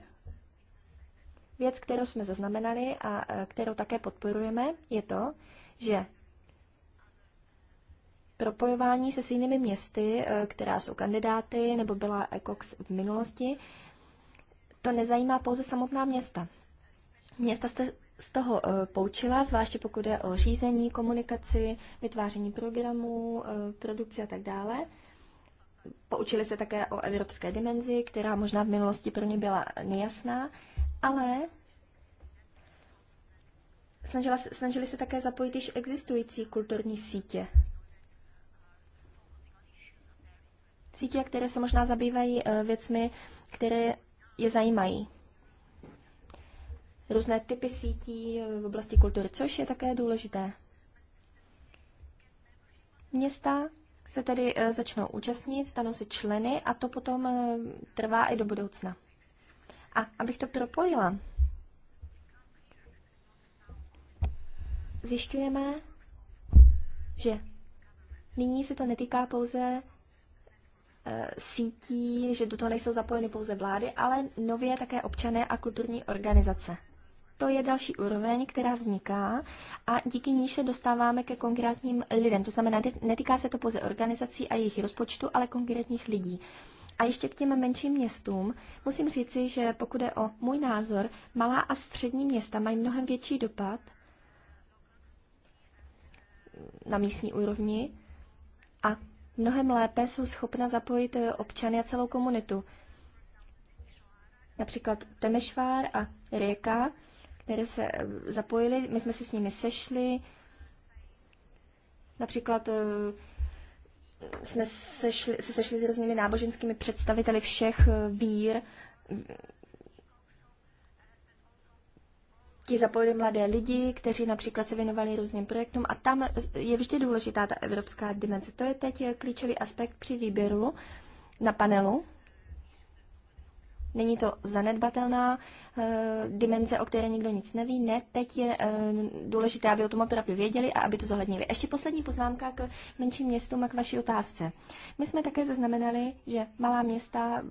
Věc, kterou jsme zaznamenali a e, kterou také podporujeme, je to, že propojování se s jinými městy, e, která jsou kandidáty nebo byla ECOX v minulosti, to nezajímá pouze samotná města. Města jste z toho eh, poučila, zvláště pokud je o řízení, komunikaci, vytváření programů, eh, produkci a tak dále. Poučili se také o evropské dimenzi, která možná v minulosti pro ně byla nejasná, ale snažila, snažili se také zapojit již existující kulturní sítě. Sítě, které se možná zabývají eh, věcmi, které je zajímají různé typy sítí v oblasti kultury, což je také důležité. Města se tedy eh, začnou účastnit, stanou se členy a to potom eh, trvá i do budoucna. A abych to propojila, zjišťujeme, že nyní se to netýká pouze eh, sítí, že do toho nejsou zapojeny pouze vlády, ale nově také občané a kulturní organizace to je další úroveň, která vzniká a díky níž se dostáváme ke konkrétním lidem. To znamená, netýká se to pouze organizací a jejich rozpočtu, ale konkrétních lidí. A ještě k těm menším městům musím říci, že pokud je o můj názor, malá a střední města mají mnohem větší dopad na místní úrovni a mnohem lépe jsou schopna zapojit eh, občany a celou komunitu. Například Temešvár a Rieka které se eh, zapojili. My jsme se s nimi sešli. Například eh, jsme sešli, se sešli s různými náboženskými představiteli všech eh, vír. Ti zapojili mladé lidi, kteří například se věnovali různým projektům a tam je vždy důležitá ta evropská dimenze. To je teď klíčový aspekt při výběru na panelu. Není to zanedbatelná e, dimenze, o které nikdo nic neví. Ne, teď je e, důležité, aby o tom opravdu věděli a aby to zohlednili. Ještě poslední poznámka k menším městům a k vaší otázce. My jsme také zaznamenali, že malá města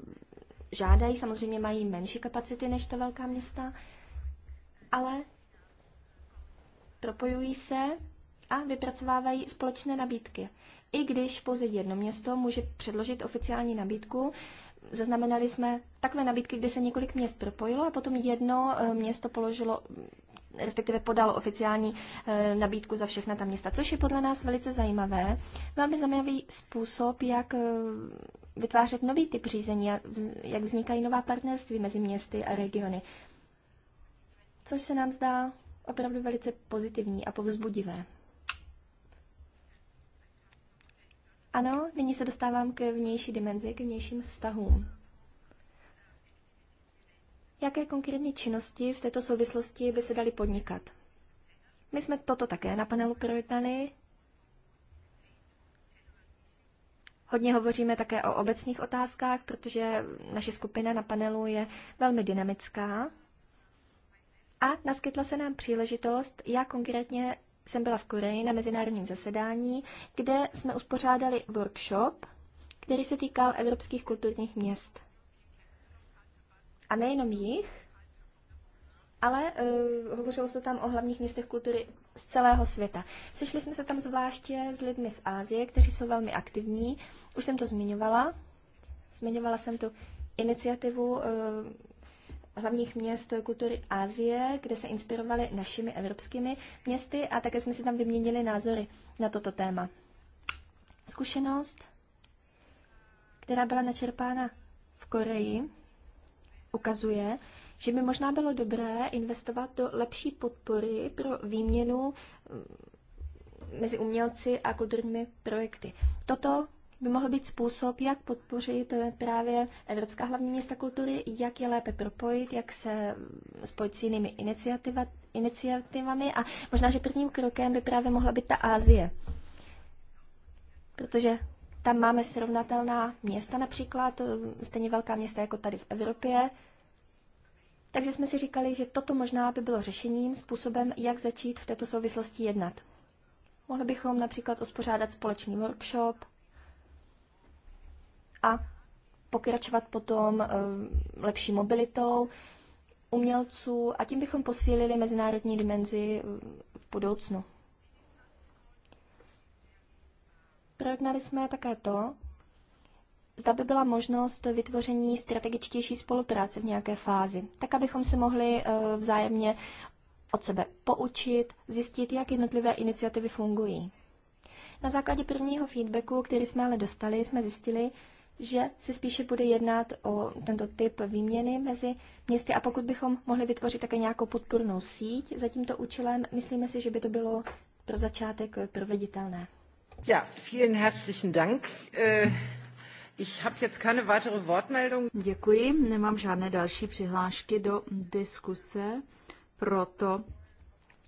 žádají, samozřejmě mají menší kapacity než ta velká města, ale propojují se a vypracovávají společné nabídky. I když pouze jedno město může předložit oficiální nabídku, zaznamenali jsme takové nabídky, kde se několik měst propojilo a potom jedno eh, město položilo mm, respektive podalo oficiální eh, nabídku za všechna ta města, což je podle nás velice zajímavé. Velmi zajímavý způsob, jak eh, vytvářet nový typ řízení jak vznikají nová partnerství mezi městy a regiony. Což se nám zdá opravdu velice pozitivní a povzbudivé. Ano, nyní se dostávám k vnější dimenzi, k vnějším vztahům. Jaké konkrétní činnosti v této souvislosti by se daly podnikat? My jsme toto také na panelu projednali. Hodně hovoříme také o obecných otázkách, protože naše skupina na panelu je velmi dynamická. A naskytla se nám příležitost, jak konkrétně jsem byla v Koreji na mezinárodním zasedání, kde jsme uspořádali workshop, který se týkal evropských kulturních měst. A nejenom jich, ale uh, hovořilo se tam o hlavních městech kultury z celého světa. Sešli jsme se tam zvláště s lidmi z Ázie, kteří jsou velmi aktivní. Už jsem to zmiňovala. Zmiňovala jsem tu iniciativu uh, hlavních měst kultury Asie, kde se inspirovali našimi evropskými městy a také jsme si tam vyměnili názory na toto téma. Zkušenost, která byla načerpána v Koreji, ukazuje, že by možná bylo dobré investovat do lepší podpory pro výměnu mm, mezi umělci a kulturními projekty. Toto by mohl být způsob, jak podpořit eh, právě Evropská hlavní města kultury, jak je lépe propojit, jak se mm, spojit s jinými iniciativa, iniciativami a možná, že prvním krokem by právě mohla být ta Ázie. Protože tam máme srovnatelná města například, eh, stejně velká města jako tady v Evropě. Takže jsme si říkali, že toto možná by bylo řešením, způsobem, jak začít v této souvislosti jednat. Mohli bychom například uspořádat společný workshop, a pokračovat potom eh, lepší mobilitou umělců a tím bychom posílili mezinárodní dimenzi eh, v budoucnu. Projednali jsme také to, zda by byla možnost vytvoření strategičtější spolupráce v nějaké fázi, tak abychom se mohli eh, vzájemně od sebe poučit, zjistit, jak jednotlivé iniciativy fungují. Na základě prvního feedbacku, který jsme ale dostali, jsme zjistili, že se spíše bude jednat o tento typ výměny mezi městy a pokud bychom mohli vytvořit také nějakou podpornou síť za tímto účelem, myslíme si, že by to bylo pro začátek proveditelné. Ja, vielen herzlichen Dank. Äh, ich habe jetzt keine weitere Wortmeldung. Děkuji, nemám žádné další přihlášky do diskuse, proto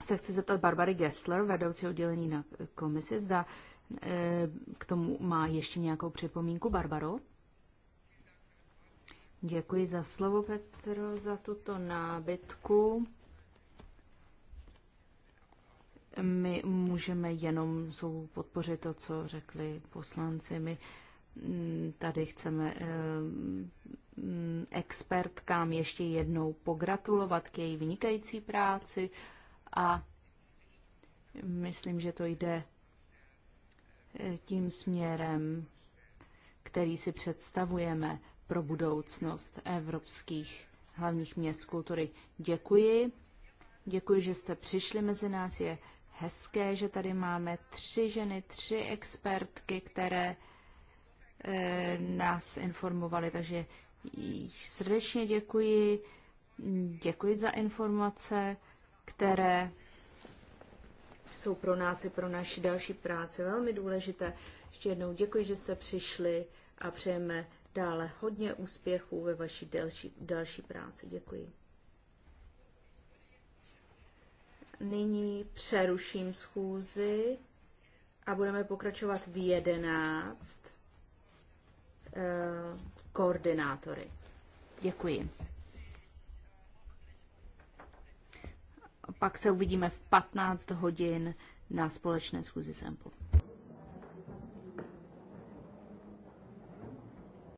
se chci zeptat Barbary Gessler, vedoucí oddělení na komisi, zda Eh, k tomu má ještě nějakou připomínku Barbaro? Děkuji za slovo, Petro, za tuto nábytku. My můžeme jenom podpořit to, co řekli poslanci. My mm, tady chceme eh, mm, expertkám ještě jednou pogratulovat k její vynikající práci a myslím, že to jde Eh, tím směrem, který si představujeme pro budoucnost evropských hlavních měst kultury. Děkuji. Děkuji, že jste přišli mezi nás. Je hezké, že tady máme tři ženy, tři expertky, které e, nás informovaly. Takže srdečně děkuji. Děkuji za informace, které jsou pro nás i pro naši další práci velmi důležité. Ještě jednou děkuji, že jste přišli a přejeme dále hodně úspěchů ve vaší další, další práci. Děkuji. Nyní přeruším schůzi a budeme pokračovat v 11 eh, koordinátory. Děkuji. Pak se uvidíme v 15 hodin na společné schůzi s